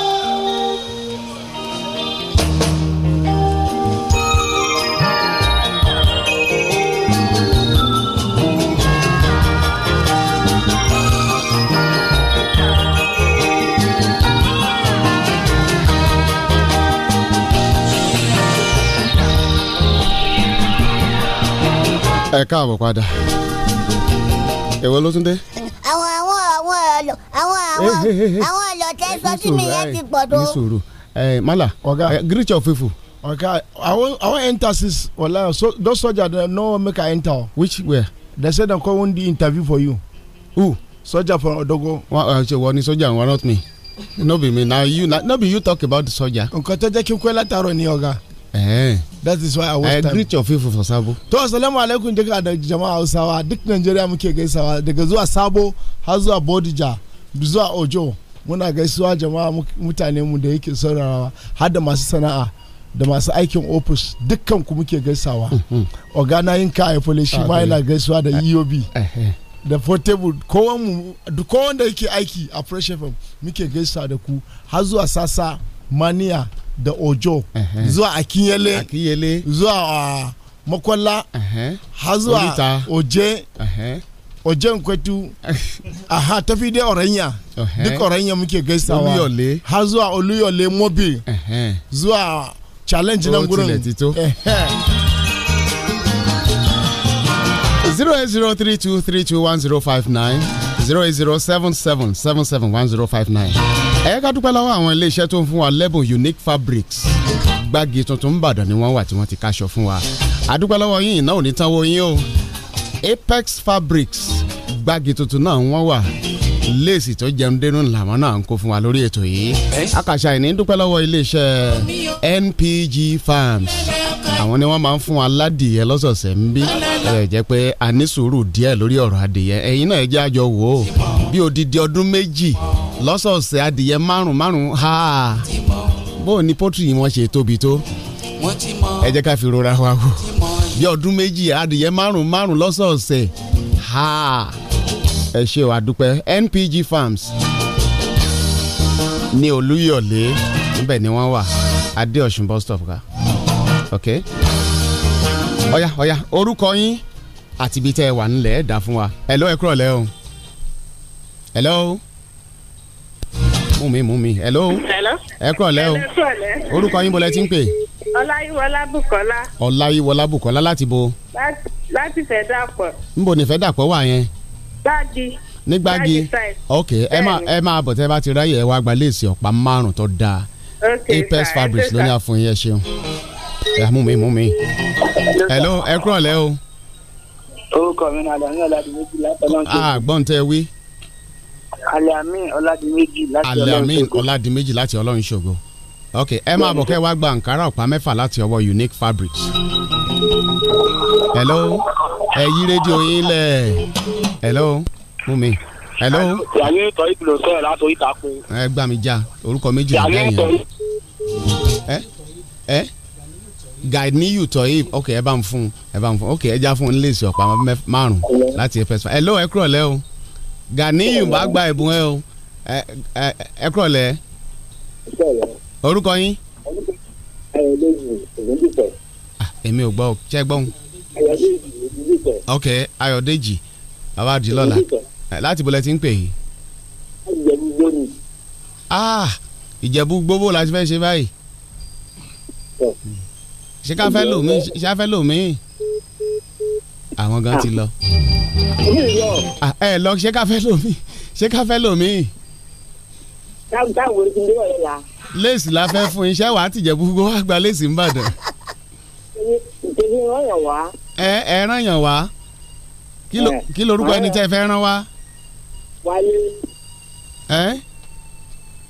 ẹ káàbọ̀ padà èwo ló tún dé. àwọn àwọn àwọn ọlọ àwọn àwọn eh, eh, eh, àwọn ọlọ tẹ sọ sí mi yẹn ti pọ̀ tó. nisoro ẹ mala ọ̀gá greet your people. ọ̀gá i wan i wan enter since ọ̀la so those soldiers dem no make i enter. which where. they say dem come wan do interview for you. who. soldier from odogo. wọn ṣe wọ ni soldier wọn not me no be me na you na no be you talk about the soldier. nǹkan tó jẹ́ kí n kú ẹ látàárọ̀ ni ọ̀gá. Eh. that is why i waste time i greet your people for sabo to assalamu alaikum duka da jama'a hausawa duk nigeria muke gaisawa daga zuwa sabo har zuwa bodija zuwa ojo muna gaisuwa jama'a mutane mu da yake saurarawa har da masu sana'a da masu aikin ofis dukkan ku muke gaisawa mhm. ogana yin ka haifole shi ma ah, yana eh. gaisuwa da eob eh, e da portable kowan da yake aiki a fresh fm muke gaisa da ku har zuwa sasa maniya da ojo zuwa akinyele akinyele zuwa ah, makwalla zuwa oje ojen kwatu aha tafi dai oranya duk oranya muke gaisawa har zuwa oluyole mobi zuwa challenge nan gurin zero eight zero three two three two one zero five nine zero eight zero seven seven seven seven one zero five nine. ẹ ká dúpẹ́ lọ́wọ́ àwọn iléeṣẹ́ tó ń fún wa lẹ́bùn Unique Fabrics gbági tuntun ńbàdàn ni wọ́n wà tí wọ́n ti káṣọ fún wa àdúpẹ́ lọ́wọ́ yín ìnáwó ní yín o Apex Fabrics gbági tuntun náà wọ́n wà léèsì tó jẹun dénú làwọn náà ń kó fún wa lórí ètò yìí àkàṣà ìní dúpẹ́ lọ́wọ́ iléeṣẹ́ NPG Farms àwọn ni wọ́n máa ń fún wa ládìyẹ lọ́sọ̀ọ̀sẹ̀ ń bí ẹ jẹ́ pé a ní sùúrù díẹ̀ lórí ọ̀rọ̀ adìyẹ ẹ̀yin náà ẹ odidi ọdún méjì lọ́sọ̀ọ̀sẹ̀ adìyẹ márùn márùn ha wọn ṣe tóbi tó ẹ jẹ́ ká fi rora wa wò bí ọdún méjì adìyẹ márùn ha. ẹ ṣe wàá dúpẹ́ NPG Farms ní Olúyọ̀lé níbẹ̀ ni wọ́n wà Adéọ̀sùn bus stop ká ok ọ̀yà ọ̀yà orúkọ yín àti ibi tẹ́ ẹ wà nílẹ̀ ẹ̀ dá fún wa hello ẹ kúrọ̀lẹ́ o hello mú mi mú mi hello ẹ kúrọ̀lẹ́ o orúkọ yín bọ́lá ẹ ti ń pè. Ọláyíwọlá Bùkọ́lá. Ọláyíwọlá Bùkọ́lá láti bo. láti fẹ́ dàpọ̀. níbo ni fẹ́ dàpọ̀ wà yẹn gbági ní gbági ok ẹ máa ẹ máa bọ̀ tẹ́ bá ti ráyè ẹ wá gba léèsì ọ̀pá márùn tó dáa apex fabric ló ní àfún yẹn ṣeun ẹ mú mi mú mi hello ẹ kúrọ̀ lẹ́ o. orúkọ mi ni Alami Ọládìméjì láti Ọlọ́run. àgbọ̀n ah, tẹ wí. Alami Ọládìméjì láti Ọlọ́run ṣògo. Alami Ọládìméjì láti Ọlọ́run ṣògo. ok ẹ máa bọ̀ kẹ́ wá gba àǹkárá ọ̀pá mẹ́fà láti ọwọ́ Unique Fabrics hello ẹ yí rédíò yín lẹ̀ hello mú mi hello. yàrá ìtọ́ ìpìlẹ̀ sọ̀rọ̀ láti orí ìtàkùn. ẹ gbà mí já orúkọ méjì ló dẹ́yìn. ẹ ẹ guide ni you tọ́ yìí ok ẹ bá ń fún ẹ bá ń fún ok ẹ já fún un ọ̀pá márùn láti ẹ fẹsẹ̀ hello ẹ kúrọ̀ lẹ́ o gani yìí bá gba ẹ̀bùn ẹ o ẹ kúrọ̀ lẹ́ orúkọ yín. ẹ ẹ lóyún ògùn dìpẹ́ èmi ò gbọ́ ọ ṣe gbọ́n. ok ayọ̀dèjì bàbá àdìlọ́lá láti bọ́lẹ̀ tí ń pè yín. ìjẹ̀bú gbogbo ah, láti fẹ́ ṣe báyìí. ṣé ká fẹ́ lò mí ṣé ká fẹ́ lò mí. àwọn gan ti lọ. Ah, ẹ lọ ṣé ká fẹ́ lò mí ṣé ká fẹ́ lò mí. táwọn táwọn orí ti ń dé wọ̀nyẹn la. léèsì la fẹ́ fún iṣẹ́ wàá tìjẹ̀bú gbogbo wàá gba léèsì ń bàdàn ìdèbí wọn yàn wá. ẹ ẹ ràn yàn wá kí lorúkọ ẹni tẹ́ fẹ́ ràn wá. wálé. ẹ.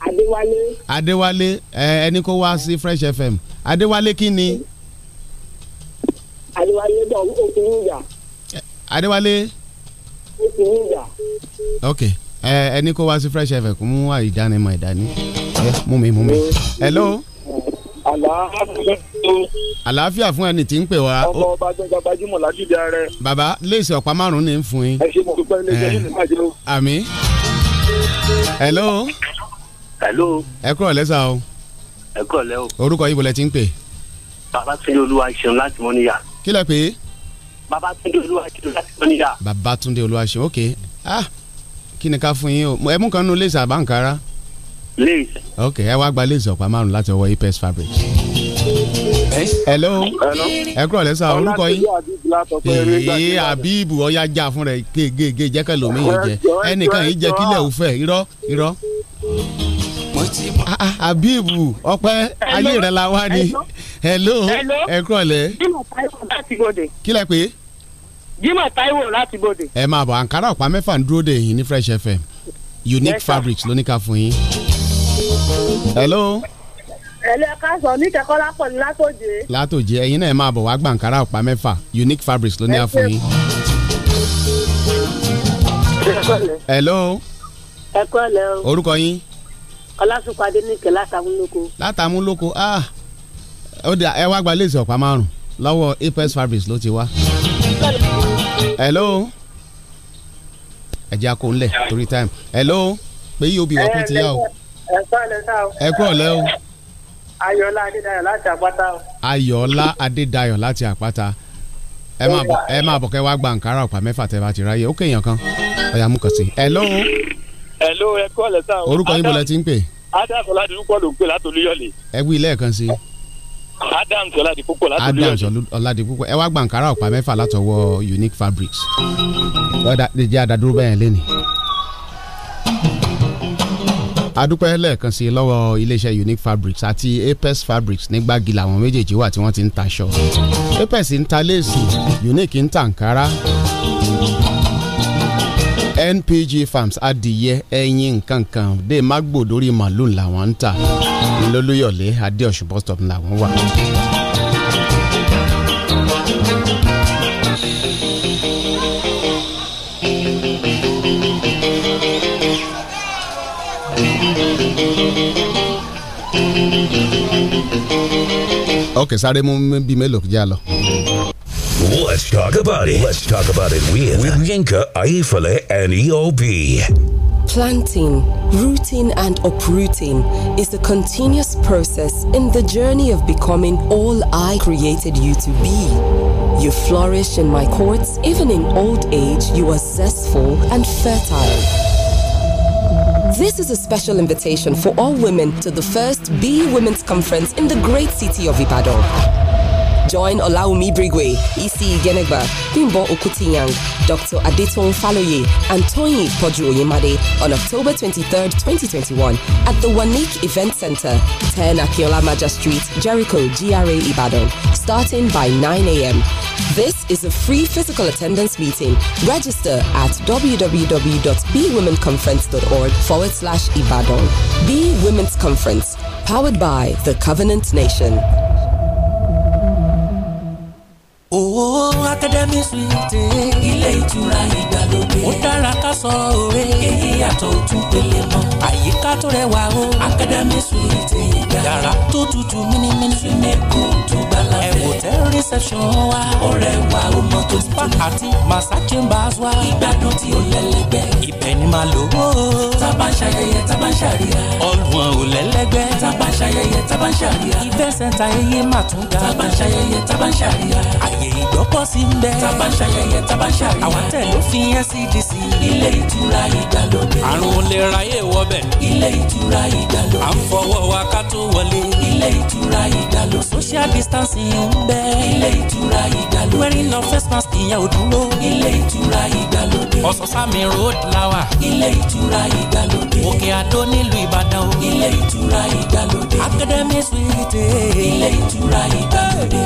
adéwálé. adéwálé ẹ ẹni kó wá sí fresh fm adéwálé kí ni. adéwálé bọ̀ ó ti ń jà. adéwálé. ó ti ń jà. ok ẹni kó wá sí fresh fm kò mú àìdánimọ̀ ìdání mú mi mú hello. Mm -hmm àlàáfíà fún ẹni tí ń pè wá. ọmọ ọba gbẹgbẹ gbajúmọ̀ lágídí ààrẹ. bàbá léèsì ọ̀pá márùn-ún ni ń fún yín. ẹ ṣe mo dúpẹ́ ilé iṣẹ́ yìí nípa jẹ́ o. àmín. hello. hello. ẹ kúrò lẹ́sà o. ẹ kúrò lẹ́ o. orúkọ ibo lẹ ti ń pè. Babátúndé Olúwaṣeun láti Mọ́níyà. kí lẹ pè é. Babátúndé Olúwaṣeun láti Mọ́níyà. Babátúndé Olúwaṣeun ok ah kí ni ká fún yín o ẹ mú kan nínú léèsì àbáǹkárá lace. ok ẹ wá gba lace ọ̀pá márùn láti ọwọ́ apex fabric. Eh? hello ẹ kúrọ̀ lẹ́sà orúkọ yín èyí Habibu ọ̀yá já fún rẹ̀ gègé jẹ́kẹ́ lómi yìí jẹ ẹnìkan yìí jẹ kílẹ̀ òfẹ́ irọ́ irọ́. Ah, ah, Habibu ọpẹ́ ayé rẹ̀ la wá ni hello ẹ kúrọ̀ lẹ́. kílẹ̀ pé. Jimoh Taiwo láti bòde. ẹ máa bọ̀ àǹkárá ọ̀pá mẹ́fà ń dúró de yìí ní Fresh FM unique fabrics ló ní ká fún yín hello. hello ẹ káàsán oníkẹ́kọ̀ọ́ lápọ̀ ní látòjé. látòjé ẹ̀yin náà ẹ máa bọ̀ wá gbàǹkárá ọ̀pá mẹ́fà unique fabrics ló ní àfún yín. hello. ẹ kọ́ lẹ o. orúkọ yín. ọlásùnkọ adéníkẹ́ látàmúlòkọ. látàmúlòkọ ah ó dà ẹ wá gba léèsì ọ̀pá márùn lọ́wọ́ apes fabrics ló ti wá. hello. ẹ jẹ́ àkó ńlẹ̀ torí time. hello pé yóò bí wọ́n kú ti yá o ẹ kúrọ̀ lẹ́ o. ayọ̀lá adédayọ̀ láti àpáta o. ayọ̀lá adédayọ̀ láti àpáta ẹ máa bọ̀ ẹ máa bọ̀ kẹ́ wá gba nkárà ọ̀pá mẹ́fà tẹ́ bá ti ráyè ó kéèyàn kan ọ̀yà mú kàn sí. hello. hello ẹ kúrọ̀ lẹ́ sáà. orúkọ yín bọ̀lẹ̀ ti ń pè. adam ọ̀làdìrú kọ́ ló ń pè látòlúyọ̀lẹ̀. ẹ wí lẹ́ẹ̀kan sí i. adam ọ̀làdìpúpọ̀ látòlúyọ̀lẹ̀. adam ọ̀làdìpúpọ̀ ẹ wá gba nkárà ọ̀pá mẹ́fà látọwọ́ unique fabrics. ọ̀dà lè jẹ́ àdàdúró bẹ́ẹ̀ lẹ́nìí adúpẹ́ lẹ́ẹ̀kan sí lọ́wọ́ iléeṣẹ́ unique fabrics àti apex fabrics ní gbági làwọn méjèèjì wà tí wọ́n ti ń taṣọ apex ń ta léèsì unique ń ta nkárá npg farms adìyẹ ẹyin nkankan dé magbo lórí màlúù làwọn ń ta lólúyọ̀lé adéọ̀sùn bus stop làwọn wà. ok sáré mú lọ. Let's talk about it. Let's talk about it with, with Yinka, Aifale, and EOB. Planting, rooting, and uprooting is a continuous process in the journey of becoming all I created you to be. You flourish in my courts, even in old age, you are zestful and fertile. This is a special invitation for all women to the first Be Women's Conference in the great city of Ibadan. Join Olaumi Brigwe, ECE Genegba, Bimbo Okutinyang, Dr. Adeton Faloye, and Tony Podru Oyemade on October 23, 2021 at the Wanik Event Center, 10 Akiola Maja Street, Jericho, GRA Ibadan, starting by 9 a.m. This is a free physical attendance meeting. Register at www.bewomenconference.org forward slash Ibadan. Be Women's Conference, powered by the Covenant Nation. Oo oh, Academy Suite. Ilé ìtura ìgbàlódé. Ó dára ká sọ òwe. Èyí yàtọ̀ òtún pélé mọ́. Àyíká tó rẹwà o. Academy Suite ìgbà. Yàrá tó tutù mímímí. Súnmẹ́kù tó gbàlá fẹ́. Ẹ̀wò tẹ́ reception wa. Ọ̀rẹ́ wa ó mọ tó tutù. Spa àti Massa Chambers wa. Ìgbádùn tí ó lẹ́lẹ́gbẹ́. Ibẹ̀ ni màá lò ó. ń ṣayẹyẹ, tá ń ṣàríyá. Ọlùwọ̀n ò lẹ́lẹ́gbẹ́ tábà ń ṣayẹyẹ tábà ń ṣàríyá. ìfẹ́ sẹ́ńtà ẹyẹ máa tún ga. tábà ń ṣayẹyẹ tábà ń ṣàríyá. àyè ìgbọ́kọ̀ sí ń bẹ. tábà ń ṣayẹyẹ tábà ń ṣàríyá. àwọn tẹ̀ ló fi NCDC. E ilé ìtura ìdàlódé. àrùn olè ráyè wọbẹ̀. ilé ìtura ìdàlódé. à ń fọwọ́ wa ká tó wọlé. ilé ìtura ìdàlódé. social distancing ń bẹ. ilé ìtura ìtura ìdàlódé. wearing no face mask ìyẹn ò dúró. ilé ìtura ìdàlódé. ọ̀sán-sámi road lawa. ilé ìtura ìdàlódé. òkè àdó nílùú ìbàdàn o. ilé ìtura ìdàlódé. academy suite. ilé ìtura ìdàlódé.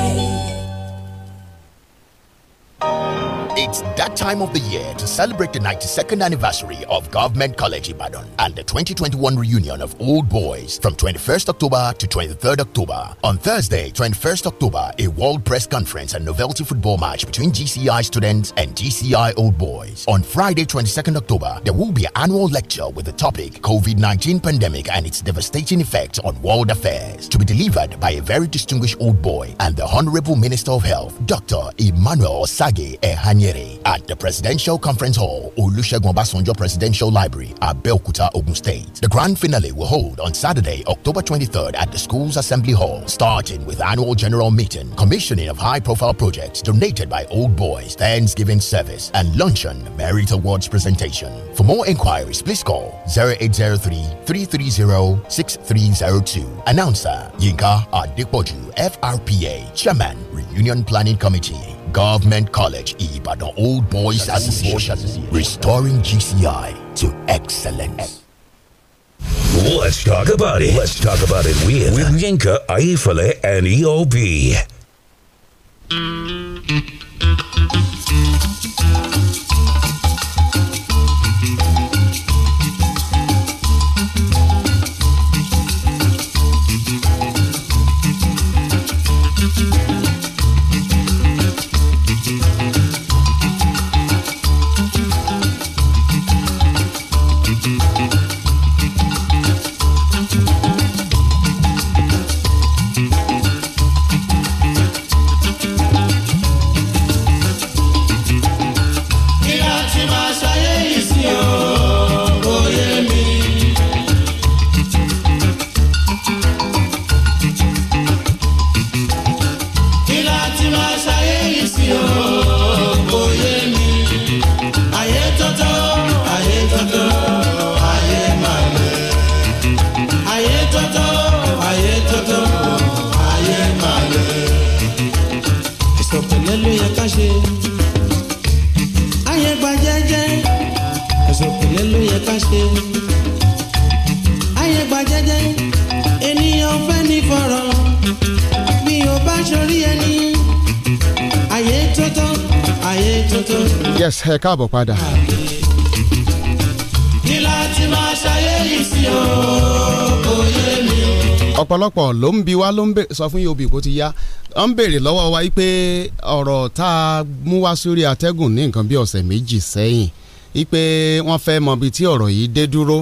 It's that time of the year to celebrate the 92nd anniversary of Government College Ibadan and the 2021 reunion of old boys from 21st October to 23rd October. On Thursday, 21st October, a world press conference and novelty football match between GCI students and GCI old boys. On Friday, 22nd October, there will be an annual lecture with the topic COVID-19 pandemic and its devastating effects on world affairs to be delivered by a very distinguished old boy and the Honorable Minister of Health, Dr. Emmanuel Osage Ehanye at the Presidential Conference Hall, Olusegun Obasanjo Presidential Library, Abeokuta, Ogun State. The grand finale will hold on Saturday, October 23rd at the school's assembly hall, starting with annual general meeting, commissioning of high-profile projects donated by Old Boys, Thanksgiving service, and luncheon merit awards presentation. For more inquiries, please call 0803-330-6302. Announcer Yinka Adepoju, FRPA, Chairman, Reunion Planning Committee. Government College, Ibadan Old Boys Association, restoring GCI to excellence. Let's talk about it. Let's talk about it with, with Yinka, Aifale, and EOB. yes ẹ káàbọ̀ padà. ní láti máa ṣayé yìí sí o kò yé mi. ọ̀pọ̀lọpọ̀ ló ń bi wá ló ń sọ fún yorùbá kó ti yá ọ ń béèrè lọ́wọ́ wa pé ọ̀rọ̀ tá a mú wá sórí atẹ́gùn ní nǹkan bí ọ̀sẹ̀ méjì sẹ́yìn wípé wọ́n fẹ́ mọ ibi tí ọ̀rọ̀ yìí dé dúró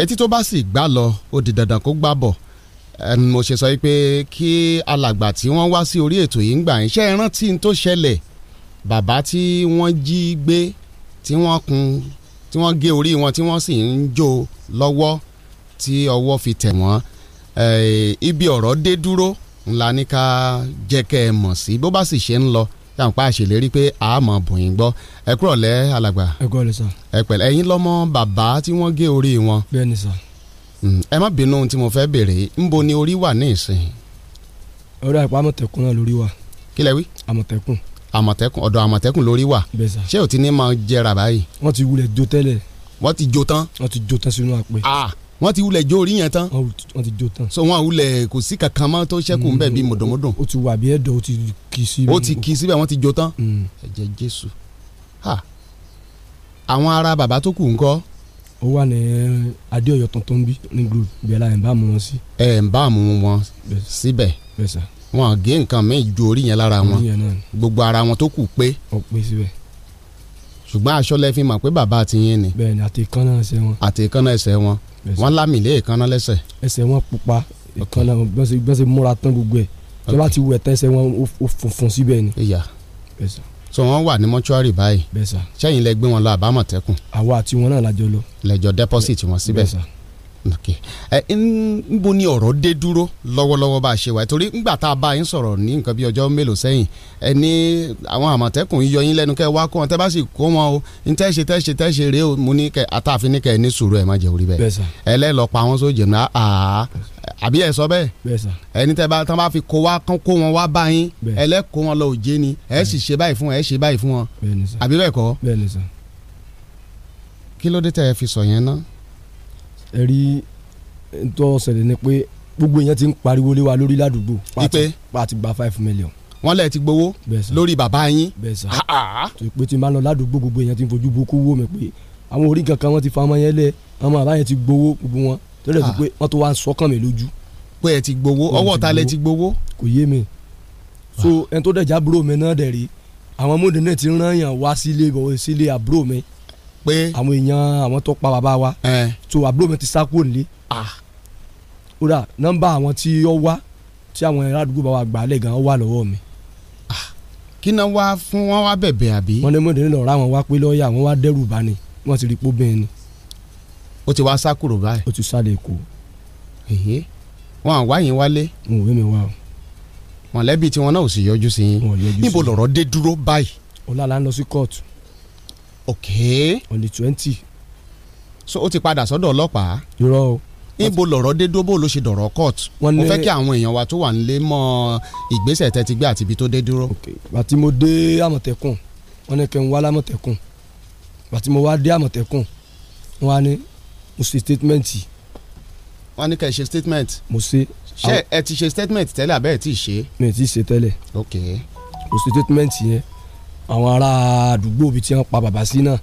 etí tó bá sì gbá lọ ó di dandan kó gbá bọ̀ mo ṣe sọ wípé kí alàgbà tí wọ́n wá sí orí ètò yìí ń gbà yín ṣe é rántí tó ṣẹlẹ̀ bàbá tí wọ́n jí gbé tí wọ́n kun tí wọ́n gé orí wọn tí wọ́n sì ń jó lọ́wọ́ tí ọwọ́ fi tẹ̀ wọ́n eh, ibi ọ̀rọ̀ dé dúró ńlá ní ká jẹ́ kẹ́ ẹ mọ̀ sí bó bá sì ṣe ń lọ yà ń pa àṣèlérí pé a mọ̀ bòyìn gbọ́ ẹ kúrọ̀ lẹ́ alàgbà ẹ kúrọ̀ lẹ́ sàn ẹ pẹ̀lẹ́ ẹ̀yin lọ́mọ bàbá tí wọ́n gé orí wọn bẹ́ẹ̀ ni sàn. Hmm, ẹ má bínú ohun tí mo fẹ́ béèrè ńbo ni orí wà ní ìsìn. orí àpá àmọ̀tẹ́kùn náà lórí wa. kí wí. àmọ̀tẹ́kùn àmọ̀tẹ́kùn ọ̀dọ̀ àmọ̀tẹ́kùn lórí wà ṣé ò ti ní máa jẹrà báyìí. wọ́n ti wulẹ̀ jó tẹ́lẹ̀. wọ́n ti jó tán. wọ́n ti jó tán sínú àpè. ah wọ́n ti wulẹ̀ jó orí yẹn tán. wọ́n ti jó tán. so wọ́n wulẹ̀ kò sí kankan mọ́ tó ṣẹ́kù ń bẹ̀ bíi mm, mọ̀dọ̀mọ́dọ̀. o ti wà bí ẹ̀dọ̀ o ti kì í síbẹ̀. o ti kì í síbẹ̀ wọ́n ti jó tán. Mm. ẹ̀jẹ̀ jésù àwọn ará bàbá tó kù ńkọ́. ó wà ní adéọyọ tuntun bí ní group bẹ́ẹ̀ wọn gé nǹkan míì ju orí yẹn lára wọn gbogbo ara wọn tó kù pé ṣùgbọ́n aṣọ lẹ fi mọ̀ pé bàbá àti yín ni bẹ́ẹ̀ni àti ìkànnà ẹsẹ̀ wọn àti ìkànnà ẹsẹ̀ wọn wọn lámì lé ìkànnà lẹ́sẹ̀. ẹsẹ̀ wọn pupa ìkànnà gbọ́nsẹ̀ múra tán gbogbo ẹ̀ tí wọ́n bá ti wẹ̀ tẹ́sẹ̀ wọn ó funfun síbẹ̀ ni. ìyá so wọn wà ní mọ́ṣúárì báyìí sẹ́yìn lẹ gbé wọn lọ àbámọ̀tẹ́kùn. àwa àti wọn náà lájọ lọ. lẹ́jọ́ deposit wọn síbẹ̀. bẹ́ẹ̀ sà níbo ni ọ̀rọ̀ dé dúró lọ́wọ́lọ́wọ́ bá a ṣe wà torí ńgbà tá a bá yín sọ̀rọ̀ ní nǹkan bí ọjọ́ mélòó sẹ́yìn ẹ ní àwọn àmọ̀tẹ́kùn yíyọ yín lẹ́nu kẹ́ wá kó wọn tẹ́ bá sì kó wọn o ní tẹ́ ṣe tẹ́ ṣe tẹ́ ṣe rèé o mo ní kẹ́ àtàfin ní kẹ́ ní sùúrù ẹ̀ má jẹ́ orí bẹ́ẹ̀ ẹlẹ́lọ́ pa àwọn sójà náà àá àbí ẹ sọ bẹ́ẹ̀ ẹni tẹ́ bá fi kó wá kó wọn wá bá yín ẹ kí ló dé tẹ́ ẹ fi sọ yẹn náà ẹ̀rí tó ṣẹlẹ̀ ni pé gbogbo èèyàn ti ń pariwo lé wa lórí ládùúgbò pa ti gba five million wọ́n lẹ ti gbowó lórí bàbá yín. bẹ́ẹ̀ sà tó pé tí n bá lọ ládùúgbò gbogbo èèyàn ti ń fojú burúkú wò mí pé àwọn orí kankan wọ́n ti fa ọmọ yẹn lẹ ọmọ àbá yẹn ti gbowó gbogbo wọn tó lè fi pé wọ́n tó wá ń sọkàn mi lójú. pé ẹ ti gbowó ọwọ́ ta lẹ ti gbowó. kò yé mi so ẹni tó dẹ̀jà àbúrò mi náà dẹ̀ rí àwọn ọmọdé náà ti rán yàn wá sílé àbúrò mi pé àwọn èèyàn àwọn tó pa bàbá wa tó àbúrò mi ti sá kúrò nílé ó dà nọ́mbà àwọn tí ó wá tí àwọn ará àdúgbò bá wa gbà á lẹ̀ gan wà lọ́wọ́ mi. kí náà wá fún wọn wá bẹ̀bẹ̀ àbí. wọ́n ní mọ̀dé nínú ọ̀rá wọn wá pé lọ́ọ̀yà wọn wá dẹ́rù bá ni wọ́n ti rí pọ́ bẹ́ẹ̀ ni. ó ti wá sá kúrò báyìí. ó ti sá lè kó. wọn àwa yín wálé. wọn ò wé mi wá o. mọ̀lẹ́bí tiwọn náà ò sì yọjú sí yín. níbo lọ̀rọ̀ dé dúró báyìí. ọ̀la la ń lọ sí kóòtù ok on the twenty. so ó ti padà sọ́dọ̀ ọlọ́pàá. irọ́ o. níbo lọ̀rọ̀ dé dúró bó ló ṣe dọ̀rọ̀ court. wọ́n ní mo fẹ́ kí àwọn èèyàn wa tó wà nílé mọ ìgbésẹ̀ tẹ́ ti gbé àti ibi tó dé dúró. àti mo dé àmọ̀tẹ́kùn wọ́n ní kí n wá lámọ̀tẹ́kùn àti mo wá dé àmọ̀tẹ́kùn wọ́n á ní mo ṣe statement. wọ́n ní kẹ́ ẹ ṣe statement. mo ṣe. ṣé ẹ ti ṣe statement tẹ́lẹ̀ àbẹ́ẹ̀ tí ì ṣe. mi ò tí ṣe tẹ́lẹ̀. ok. mo ṣe statement yẹn àwọn ará àdúgbò bíi tí wọ́n pa bàbá sí náà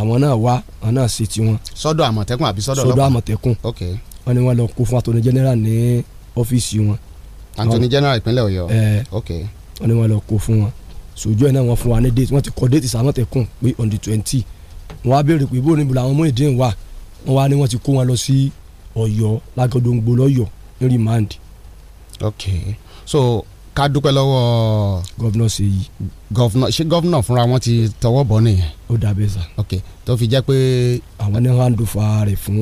àwọn náà wá àwọn náà ṣe tiwọn. sọ́dọ̀ àmọ̀tẹ́kùn àbí sọ́dọ̀ ọlọ́pàá sọ́dọ̀ àmọ̀tẹ́kùn. ok wọ́n ní wọ́n lọ kó fún attorney general ní ọ́fíìsì wọn. attorney general ìpínlẹ̀ ọ̀yọ́. ẹẹ ok wọ́n ní wọ́n lọ kó fún wọn sojú ẹ̀ náà wọ́n fún wa ní date wọ́n ti kọ́ date sàmọ̀tẹ́kùn pé on the twenty wọ́n á béèrè pé bóun níbo làwọn Muyideen wà wọ́n wá ní wọ́n ti kó wọn lọ sí ọ̀yọ́ lágọ̀dọ̀ngbò lọ́yọ̀ ní rìmáǹdì. ok so ká dúpẹ́ lọ́wọ́. gọ́vnọ̀ Ṣèyí. gọ́vnọ̀ ṣé gọ́vnọ̀ fúnra wọn ti tọwọ́ bọ̀ nìyẹn. ó dàbẹ̀ sà. ok tó fi jẹ́ pé. àwọn ní wàá dùn fa rẹ̀ fún.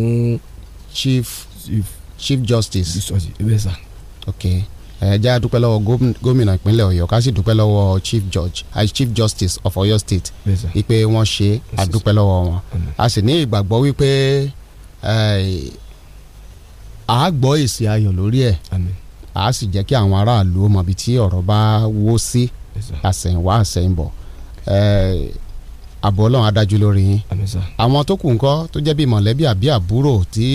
chief chief chief justice. justice ẹ bẹ́ẹ̀ sà. ok ẹ jẹ́ àdúpẹ́ lọ́wọ́ gómìnà ìpínlẹ̀ ọ̀yọ́ ká sì dúpẹ́ lọ́wọ́ chief judge as chief justice of ọ̀yọ́ state wípé wọ́n ṣe àdúpẹ́ lọ́wọ́ wọn a sì ní ìgbàgbọ́ wípé àá gbọ́ èsì ayọ̀ lórí ẹ̀ a sì jẹ́ kí àwọn aráàlú mọ̀ ibi tí ọ̀rọ̀ bá wó sí àsẹ̀yìnwá àsẹ̀yìnbọ̀ àbọ̀ ọlọ́run adájú lórí yín àwọn tó kù ńkọ́ tó jẹ́ bí mọ̀lẹ́bí àbí àbúrò tí.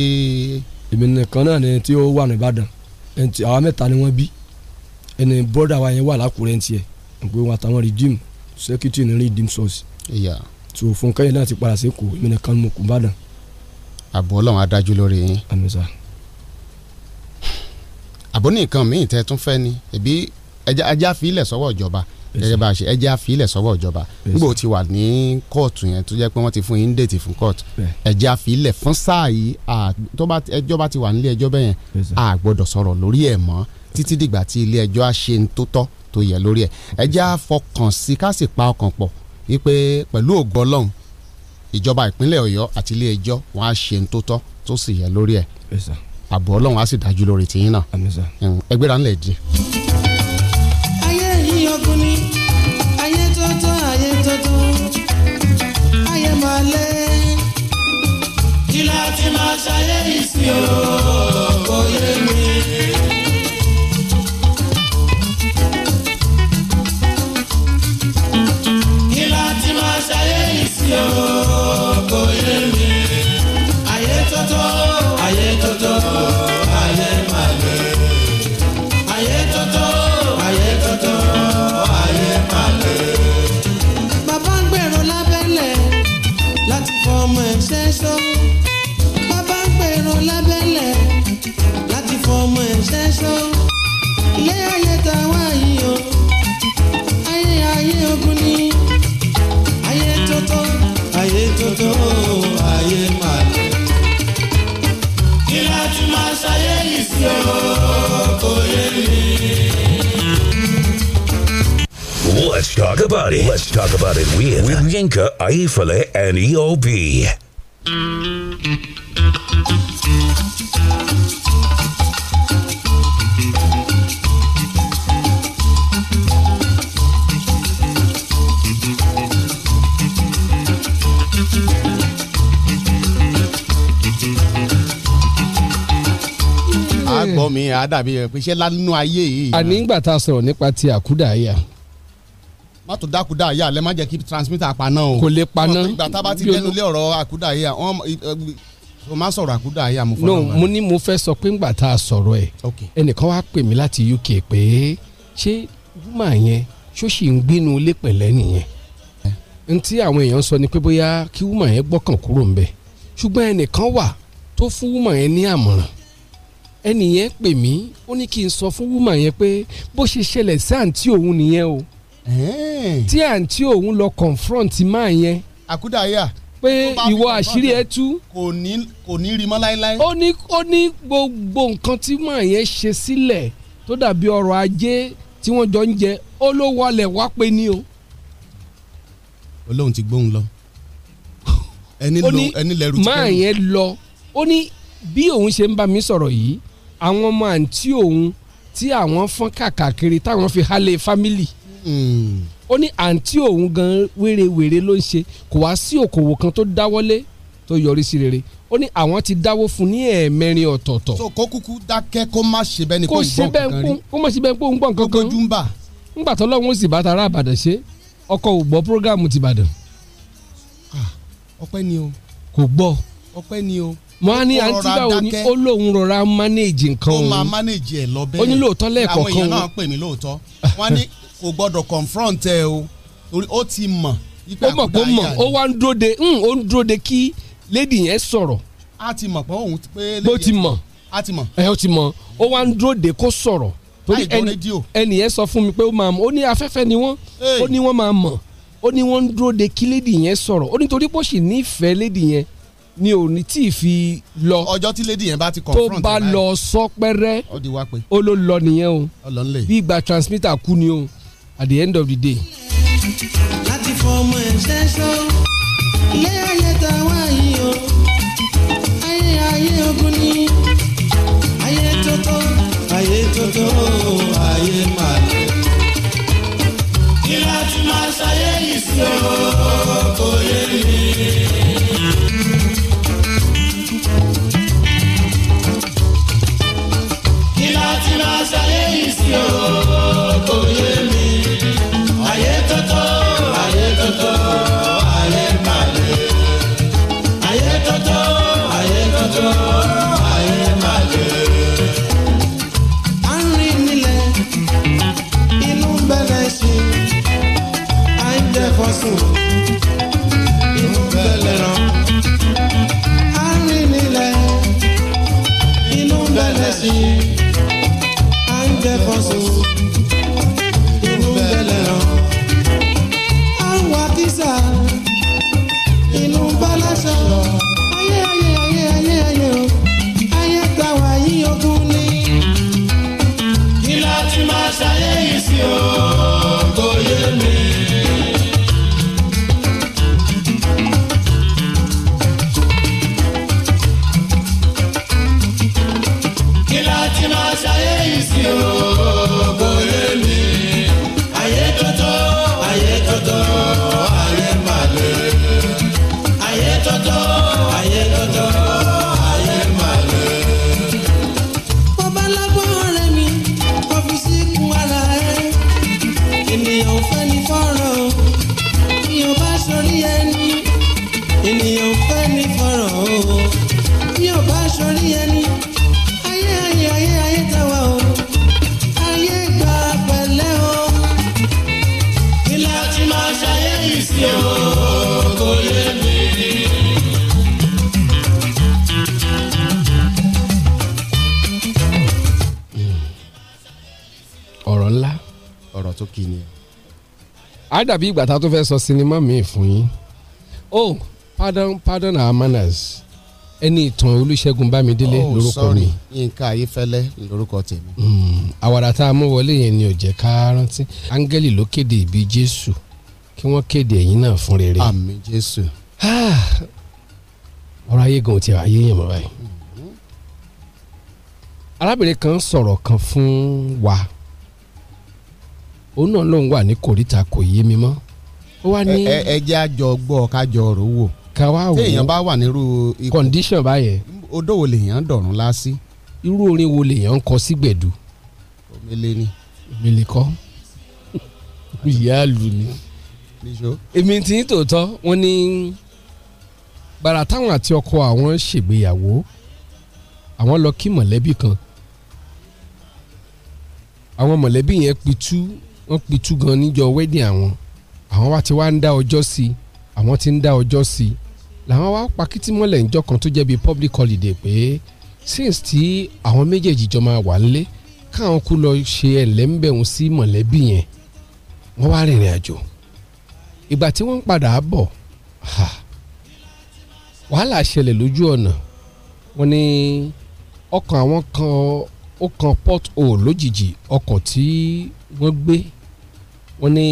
èmi nìkan náà ni tí ó wà ní Ìbàdàn àwa mẹ́ta ni wọ́n bí ẹni bọ́dà wa yẹn wà lákùrẹ́ ní tiẹ̀ pé wọn àtàwọn redeem security ní redeem source. tó fún kẹ́yìn náà ti padà sí kù èmi nìkan mo kù Ìbàdàn. àbọ̀ adájú lórí yín. àmín sà àbọ̀ ní nǹkan míì tẹ́ tún fẹ́ ni ẹ̀bí ẹja àfilẹ̀ sọ́wọ́ ìjọba gẹ́gẹ́ bá a ṣe ẹja àfilẹ̀ sọ́wọ́ ìjọba nígbà ó ti wà ní kóòtù yẹn tó jẹ́ pé wọ́n ti fún yín déètì fún kóòtù ẹja àfilẹ̀ fún sáà yìí ẹjọ́ bá ti wà nílé ẹjọ́ bẹ́yẹn a gbọ́dọ̀ sọ̀rọ̀ lórí ẹ̀ mọ́ títí dìgbà tí ilé ẹjọ́ á ṣe ń tó tọ́ tó yẹ lórí ẹ̀ ẹja fọkàn sí ká sì pa ọkàn pọ̀ wípé pẹ̀lú ògbọ́ lọ́hùn ìjọba ìpínlẹ̀ Ọ̀yọ́ àti ilé ẹjọ́ wọn á ṣe tó tọ́ tó sì yẹ lórí ẹ̀ àbọ̀ ọlọ́run á sì dájú lórí tìyín náà ẹgbẹ́ra ńlẹ̀ díẹ̀. ayé yìí ọkùnrin ayé tọ́tọ́ ayé tọ́tọ́ ayé máa lẹ́ kí láti máa ṣayé ìsìn o kò yé mi. Let's talk about it. Let's talk about it with, with Yinka, Aifale, and EOB. àgbọ̀ mi àdàbí ẹ̀ pé ṣé lánú ayé yìí. àní ìgbà tá a sọ̀rọ̀ nípa ti àkúdàáyà má tún dákúdá yà lẹ́ má jẹ́ kí transmitter paná o. kò lè paná ìgbà tá a bá ti dẹnu lé ọ̀rọ̀ àkúdá yà wọ́n o má sọ̀rọ̀ àkúdá yà mo fọ́nà. no mo ní mo fẹ́ sọ pé ńgbà tá a sọ̀rọ̀ ẹ̀ ẹnìkan wá pè mí láti UK pé ṣé rúmà yẹn ṣó sì ń gbénu ilé pẹ̀lẹ́ nìyẹn ntí àwọn èèyàn sọ ni pé bóyá kí wúmà yẹn gbọ́kàn kúrò ń bẹ̀ ṣùgbọ́n ẹnìkan wà tó fún wúmà yẹn ní àmọ̀ràn ẹnìyẹn pè mí ó ní kí n sọ fún wúmà yẹn pé bó ṣe ṣẹlẹ̀ sí àǹtí òun nìyẹn o tí àǹtí òun lọ confront máa yẹn. àkúdàáyà pé ìwọ àṣírí ẹ tú. kò ní kò ní rí mọ́ láéláé. ó ní ó ní gbogbo nǹkan tí màá yẹn ṣe sílẹ̀ tó dàbí ọrọ̀ ajé tí wọ́n jọ ń jẹ ó ló wọlé wá pé ní o. olóhùn ti gbóhùn lọ ẹni lọ ẹni lẹrù ti kẹrù. màá yẹn lọ ó ní bí òun ṣe ń bá mi sọ̀rọ̀ yìí àwọn ọmọ àǹtí òun tí àwọn fọ́n kàkàkiri táwọn fi hálẹ̀ fámìlì Hmm. ó ní àǹtí òun gan wérewère ló ń ṣe kò wá sí òkòwò kan tó dáwọ́lé tó yọrí sí rere ó ní àwọn ti dáwó fún ní ẹ̀ẹ̀mẹrin ọ̀tọ̀ọ̀tọ̀. so kó kúkú dákẹ́ kó má ṣe bẹ́ẹ̀ ni kó gbọ́n kankan rí kó má ṣe bẹ́ẹ̀ kó ń gbọ́n kankan rí ńgbà tó lọ́wọ́ sì bá tara àbàdàn ṣe ọkọ̀ ò gbọ́ prógámù ti bàdàn. ọpẹ́ ni o. kò gbọ́. ọpẹ́ ni o mo á ní àǹtí báwo ni ó lóun rọra manage nǹkan òun ó máa manage ẹ lọ bẹ́ẹ̀ àwọn èèyàn lóòótọ́ wọ́n kò gbọ́dọ̀ confront ẹ o torí ó ti mọ̀. ó mọ̀ pé ó mọ̀ ó wá ń dúró de hmm, ó ń dúró de kí lady yẹn sọ̀rọ̀. a ti mọ̀ pé òun pé lady yẹn. ó ti mọ̀ a ti mọ̀. ẹ ó ti mọ̀ ó wá ń dúró de kó sọ̀rọ̀ torí ẹnì yẹn sọ fún mi pé ó máa mọ̀ ó ní afẹ́fẹ́ ni wọ́n ó ní wọ́n máa mọ̀ ó ní wọ́n ń dúró de kí lady yẹn sọ̀rọ̀ ó nítorí pé ó sì nífẹ̀ẹ́ lady yẹn ni ò ní tí ì fi lọ. ọjọ́ tí lady yẹn bá ti confront tó bá lọ sọ pẹ́rẹ́ ó ló lọ nìyẹn o bí ìgbà transmitter kú ni o at the end of the day. láti fọmọ ẹ̀ṣẹ́ sọ ilé ayé tá o. dàbí ìgbà tá a tó fẹ́ sọ sinimá mi fún yín oh pardon pardon our manners ẹni ìtàn olùṣègùn bámidélé oh, lórúkọ mi. yínká ayífẹ́lẹ́ lórúkọ tèmi. Hmm, àwàdà tá a mú wọlé yẹn ni ò jẹ́ ká rántí áńgẹ́lì ló kéde ìbí jésù kí wọ́n kéde ẹ̀yìn náà fún rere. àmín jésù. Ah, ọ̀rọ̀ ayé gan ti ayé yẹn mọ́ báyìí. Hmm. arábìnrin kan sọ̀rọ̀ kan fún wa òun náà lòun wà ní kòríta kò yé mi mọ́ ó wá ní. ẹ ẹ jẹ́ àjọ gbọ́ kájọ rò wò. ká wá wò ó téèyàn bá wà nírú. condition báyẹn. odò wo lèèyàn dọ̀rùn lásì. irú orin wo lèèyàn ń kọ sí gbẹ̀dù. omele ni. omele kọ́ ìyá lù ni. èmi tí ń tòótọ́ wọ́n ní gbàrà táwọn àti ọkọ àwọn ṣègbéyàwó àwọn lọ kí mọ̀lẹ́bí kan àwọn mọ̀lẹ́bí yẹn pitú wọ́n pitú gan níjọ wedding àwọn àwọn wa ti wá ń dá ọjọ́ sí i àwọn ti ń dá ọjọ́ sí i làwọn wa pakítí mọ́lẹ̀ níjọ kan tó jẹ́ bíi public holiday pé since tí àwọn méjèèjì jọ máa wà nílé káwọn kú lọ ṣe ẹlẹ́ńbẹ̀hún sí mọ̀lẹ́bí yẹn wọ́n wá rìnrìn àjò ìgbà tí wọ́n ń padà bọ̀ wàhálà ṣẹlẹ̀ lójú ọ̀nà wọ́n ní ọkàn àwọn kan ó kan port hole lójijì ọkọ̀ tí wọ́n gbé wọ́n ní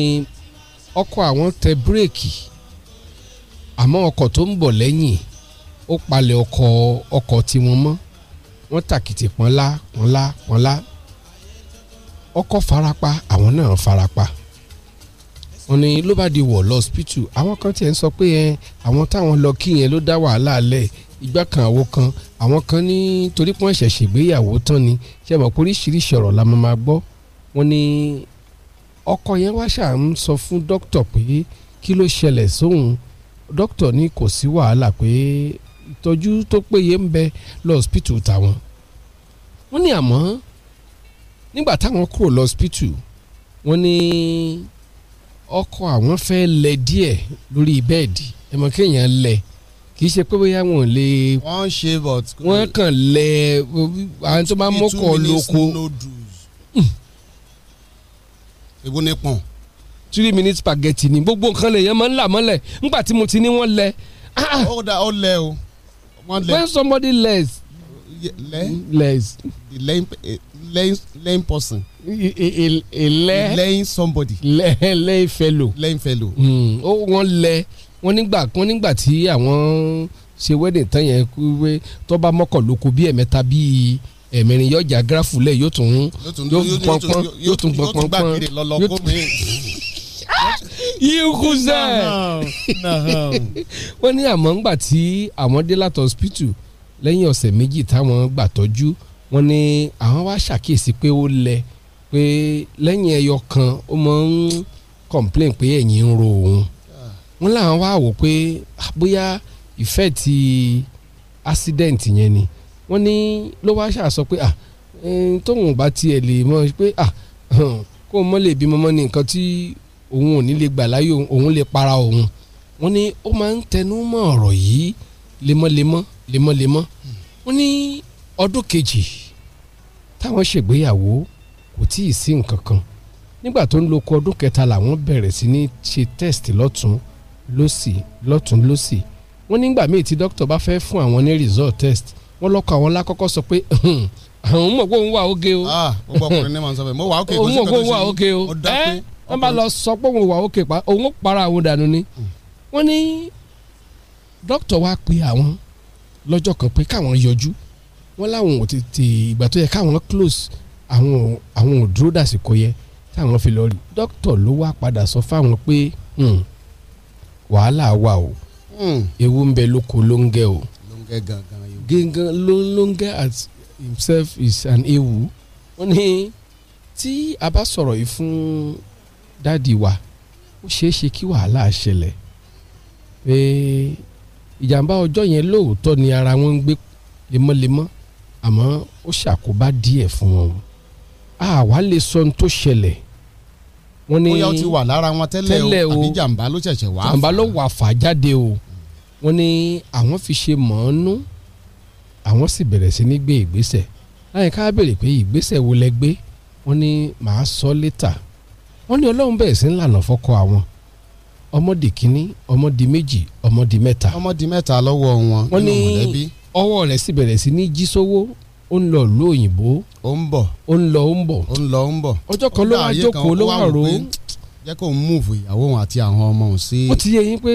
ọkọ̀ àwọn tẹ bírèkì àmọ́ ọkọ̀ tó ń bọ̀ lẹ́yìn ó palẹ̀ ọkọ̀ ọkọ̀ tiwọn mọ́ wọ́n tàkìtì pọ́nlá pọ́nlá pọ́nlá ọkọ̀ farapa àwọn náà farapa wọ́n ní ló bá di wọ̀ lọ́sípítù àwọn kan tiẹ̀ ń sọ pé ẹ àwọn táwọn lọ kí yẹn ló dá wàhálà lẹ̀ ìgbà kan àwo kan àwọn kan ní torí ṣẹ̀ṣẹ̀ gbéyàwó tán ni ṣe mọ̀ pé oríṣiríṣi ọ̀rọ̀ la máa gbọ́ wọ́n ní ọkọ yẹn wá ṣáà ń sọ fún dókítà pé kí ló ṣẹlẹ̀ sóhun dókítà ní kò sí wàhálà pé ìtọ́jú tó péye ń bẹ lọ́ọ̀sìpìtù tàwọn wọ́n ní àmọ́ nígbà táwọn kúrò lọ́ọ̀sìpìtù wọ́n ní ọkọ àwọn fẹ́ lẹ díẹ̀ lórí bẹ́ẹ̀dì ẹ̀mọ́ kéèyàn lẹ kì í ṣe pé bóyá wọn lè wọ́n ṣe but wọ́n kàn lẹ àwọn tó bá mọ́kọ̀ lóko èwo ni pọ̀n. three minutes spaghetti ni gbogbo nǹkan lè yẹn máa ń là mọ́lẹ̀ nígbà tí mo ti ní wọ́n lẹ. Ah, ah. ó da ó lẹ o. when somebody less. lẹ less. lẹ́yìn lẹ́yìn person. ilẹ̀ lẹ́yìn somebody. lẹ́yìn fellow. lẹ́yìn fellow. ó wọ́n lẹ wọ́n nígbà wọ́n nígbà tí àwọn ṣe wedding tán yẹn kú wé tó bá mọ́kànlókun bí ẹ̀mẹ́ta bíi ẹ̀mẹrin yóò já gíráfù lẹ̀ yóò tún pọnpọn yóò tún pọnpọn yíkú sẹ́ wọ́n ní àmọ́ ńgbà tí àwọn dé láti hospital lẹ́yìn ọ̀sẹ̀ méjì táwọn gbà tọ́jú wọ́n ní àwọn wá ṣàkíyèsí pé ó lẹ pé lẹ́yìn ẹyọ kan ó máa ń complain pé ẹ̀yìn ń ro òun wọ́n láwọn wá wò pé ah, bóyá ìfẹ́ ti accident yẹn ni wọ́n ní ló wá ṣàṣọ pé à ah, tóun bá tiẹ̀ lè mọ̀ pé ah, à kó mọ́ lè bímọ mọ́ ní nǹkan tí òun ò ní lè gbà láyé òun lè para òun wọ́n ní ó máa ń tẹnu mọ́ ọ̀rọ̀ yìí lemọ́lemọ́ lemọ́lemọ́ wọ́n ní ọdún kejì táwọn ṣègbéyàwó kò tí ì sí nǹkan kan nígbà tó ń lo kọ ọdún kẹta làwọn bẹ̀rẹ̀ sí ní ṣe test lọ́tún lọ́sì lọ́tún lọ́sì wọ́n nígbà míì tí dókítà bá fẹ́ fún àwọn ní result test wọ́n lọ́kọ̀ àwọn lákọ́kọ́ sọ pé àwọn mọ̀ pé òun wà óge o. ó ah, gbọ́ ọkùnrin ní mo wà óge kò sí kò sí ó dápé wọ́n bá lọ sọ pé òun wà óge pa òun para àwọn dànù ni. Hmm. wọ́n ní dókítà wa pe àwọn lọ́jọ́ kan pé káwọn yọjú wọ́n láwọn ò tètè ìgbà tó yẹ káwọn close àwọn àwọn ò dúró dàsìkò yẹ táwọn fi lọ rí dókítà ló wá padà sọ fáwọn pé hmm, wàhálà wà o hmm. ewu ń bẹ lóko ló o. ló gangan gangan longe as himself is an ewu ó ní tí a bá sọ̀rọ̀ yìí fún dáàdi wa ó ṣeé ṣe kí wàhálà ṣẹlẹ̀ pé ìjàmbá ọjọ́ yẹn lóòótọ́ ni ara wọn ń gbé lemọ́lemọ́ àmọ́ ó ṣàkóbá díẹ̀ fún wọn àwa lè sọ ohun tó ṣẹlẹ̀ wọ́n ní bóyá ó ti wà lára wọn tẹ́lẹ̀ o àbí jàǹbá ló ṣẹ̀ṣẹ̀ wá fà jàǹbá ló wà fà jáde o wọ́n ní àwọn fi ṣe mọ̀ọ́nú. No? àwọn sì bẹ̀rẹ̀ sí ní gbé ìgbésẹ̀ láyìnká béèrè pé ìgbésẹ̀ wo lẹ gbé wọn ní màá sọ létà wọn ní ọlọ́run bẹ̀rẹ̀ sí ń lànà fọ́kọ àwọn ọmọdé kínní ọmọdé méjì ọmọdé mẹ́ta. ọmọdé mẹ́ta lọ́wọ́ wọn nínú mọ̀lẹ́bí. ọwọ́ rẹ̀ sì bẹ̀rẹ̀ sí ní jí sówó ó ń lọ ìlú òyìnbó. ó ń bọ̀. ó ń lọ ó ń bọ̀. ó ń lọ ó ń bọ̀. ọjọ́ kan ló wá jókòó ló wá rò ó jẹ́ kó ń múùfù ìyàwó òun àti àwọn ọmọ òun sí ìlú òyìnbó. ó ti yẹ yín pé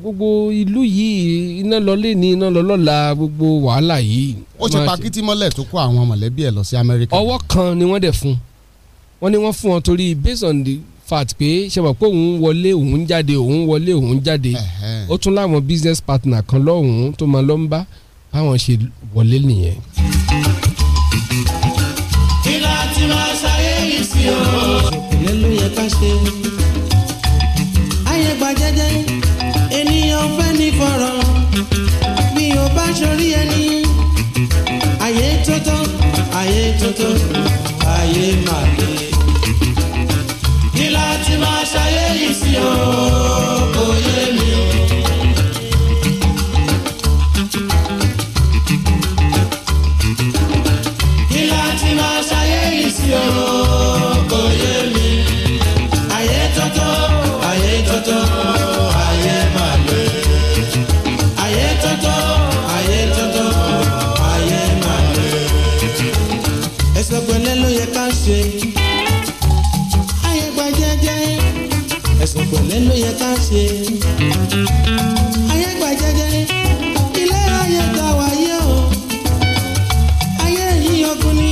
gbogbo ìlú yìí iná lọlé ní iná lọlọ́la gbogbo wàhálà yìí. ó ṣe pakítí mọ́lẹ̀ tó kó àwọn mọ̀lẹ́bí ẹ̀ lọ sí amẹ́ríkà. ọwọ́ kan ni wọ́n dẹ̀ fún wọ́n ní wọ́n fún wọn torí based on the fact pé ṣe mọ̀ pé òun wọlé òun jáde òun wọlé òun jáde ó tún láwọn business partner kan lọ́hùn-ún tó máa lọ́ ń bá báwọn ṣe wọlé nìyẹn. tí láti máa ṣayé yẹ ká ṣe. ayé gba jẹ́jẹ́ ènìyàn fẹ́ ní fọ̀rọ̀ bí o bá ṣorí ẹni. ayé tótó ayé tótó ayé màlè. kí láti máa ṣayé yìí sí o. pẹ̀lẹ́ ló yẹ ká ṣe. ayé gbà jẹjẹrẹ ilé ayé ta wáyé o. ayé yìí ọkùn ni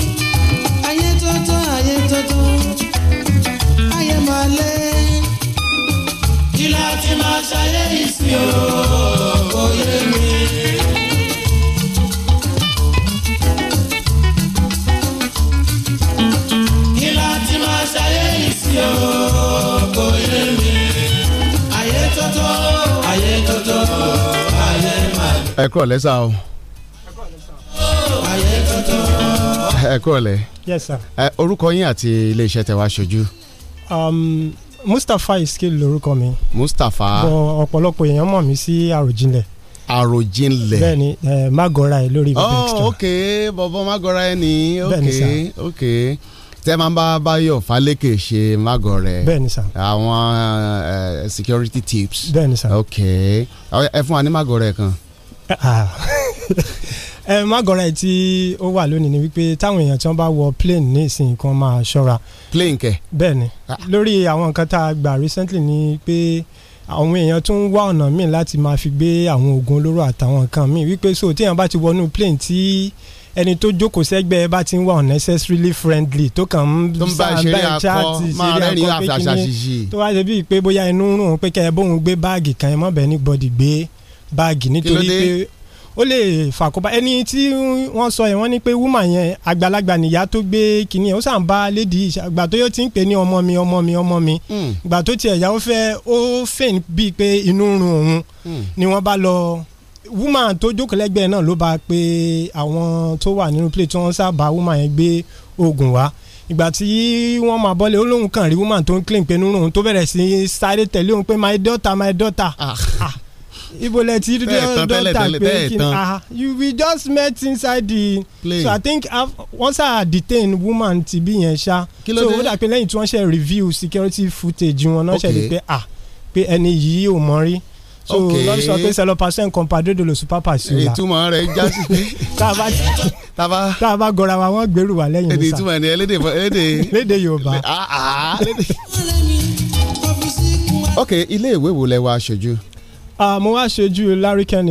ayé tọ́tọ́ ayé tọ́tọ́ ayé máa lé. kí la máa ṣayé ìsìn o. ẹ kú ọ̀lẹ́ sá o. ẹ kú ọ̀lẹ́. yes sir. ẹ orúkọ yín àti iléeṣẹ́ tẹ wá ṣojú. Um, Mustapha Iskil lorúkọ mi. Mustapha. bọ ọ̀pọ̀lọpọ̀ èèyàn mọ̀ mí sí àròjinlẹ̀. àròjinlẹ̀. bẹ́ẹ̀ni ẹ magora ẹ lórí vivextra. oh ok bọ̀bọ̀ magora ẹ ní ok bẹ́ẹ̀ni sá. ok tẹ máa ń bá Báyọ̀ Fálékè ṣe magora ẹ. àwọn security tips. bẹ́ẹ̀ni sá. ok ẹ fún wa ní magora ẹ kan. Ah. ẹ magọ́rẹ́ tí ó wà lónìí ni wípé táwọn èèyàn tí wọ́n bá wọ plane ní ìsìn kan máa ṣọ́ra. plane kẹ. bẹ́ẹ̀ni ah. lórí àwọn nǹkan tá a gbà recently ni pé àwọn èèyàn tún wá ọ̀nà míì láti máa fi gbé àwọn oògùn olóró àtàwọn nǹkan míì wípé so téèyàn bá ti wọnú plane tí ẹni tó jókòó sẹ́gbẹ́ ẹ bá ti ń wà unnecessarily friendly tó kàn ń bá ṣeré akọ máa rẹ́rìn àfàṣàṣìṣì tó wá ṣe bíi pé bóyá inú rùn pé kẹ́ ẹ bóun gbé báàgì kan ẹ mọ́ ní gbọ́dì gbé báàgì nítorí pé ó lè fàkóbá ẹni tí wọ́n sọ yẹn wọ́n ní pé wúmà yẹn àgbàlagbà nìyá tó gbé kinní yẹn ó sàn bá lédi ìgbà tó yóò ti ń pè ní ọmọ mi ọmọ mi ọmọ mi hmm. ìgbà tó tiẹ̀ yà ó fẹ́ ó fẹ́ẹ̀ bíi pé inú run òun hmm. ni wọ́n bá lọ woman tó jókòó lẹ́gbẹ̀ẹ́ náà ló bá pe àwọn tó wà nínú play tí wọ́n sábà woman yẹn gbé oògùn wá ìgbà tí wọ́n máa bọ́lẹ̀ ó lóun kàn rí woman tó ń clean pé nínú òun tó bẹ̀rẹ̀ sí sáré tẹ̀lé òun pé my daughter my daughter ah. Ah ibo lẹ ti rí dọ́tà pé kí ni we just met inside the plane so i think once i detain woman ti bí yẹn ṣá so ó dà pé lẹ́yìn tí wọ́n ṣe review security footage wọn náà ṣe di pé ah pé ẹni yìí ò mọ rí so lọ́n sọ pé sẹ́lọ̀ pàṣẹ nǹkan pàdé dolo super pàṣẹ la ìtumọ̀ rẹ̀ já sí pé tába tába tába gọra wa wọ́n gbèrú wa lẹ́yìn nísà ìtumọ̀ ni ẹlẹ́dẹ̀ ẹlẹ́dẹ̀ lédè yorùbá ah, ah, ok ilé ìwé wo lẹ wá aṣojú. Ah, mo wá ṣojú larry kenny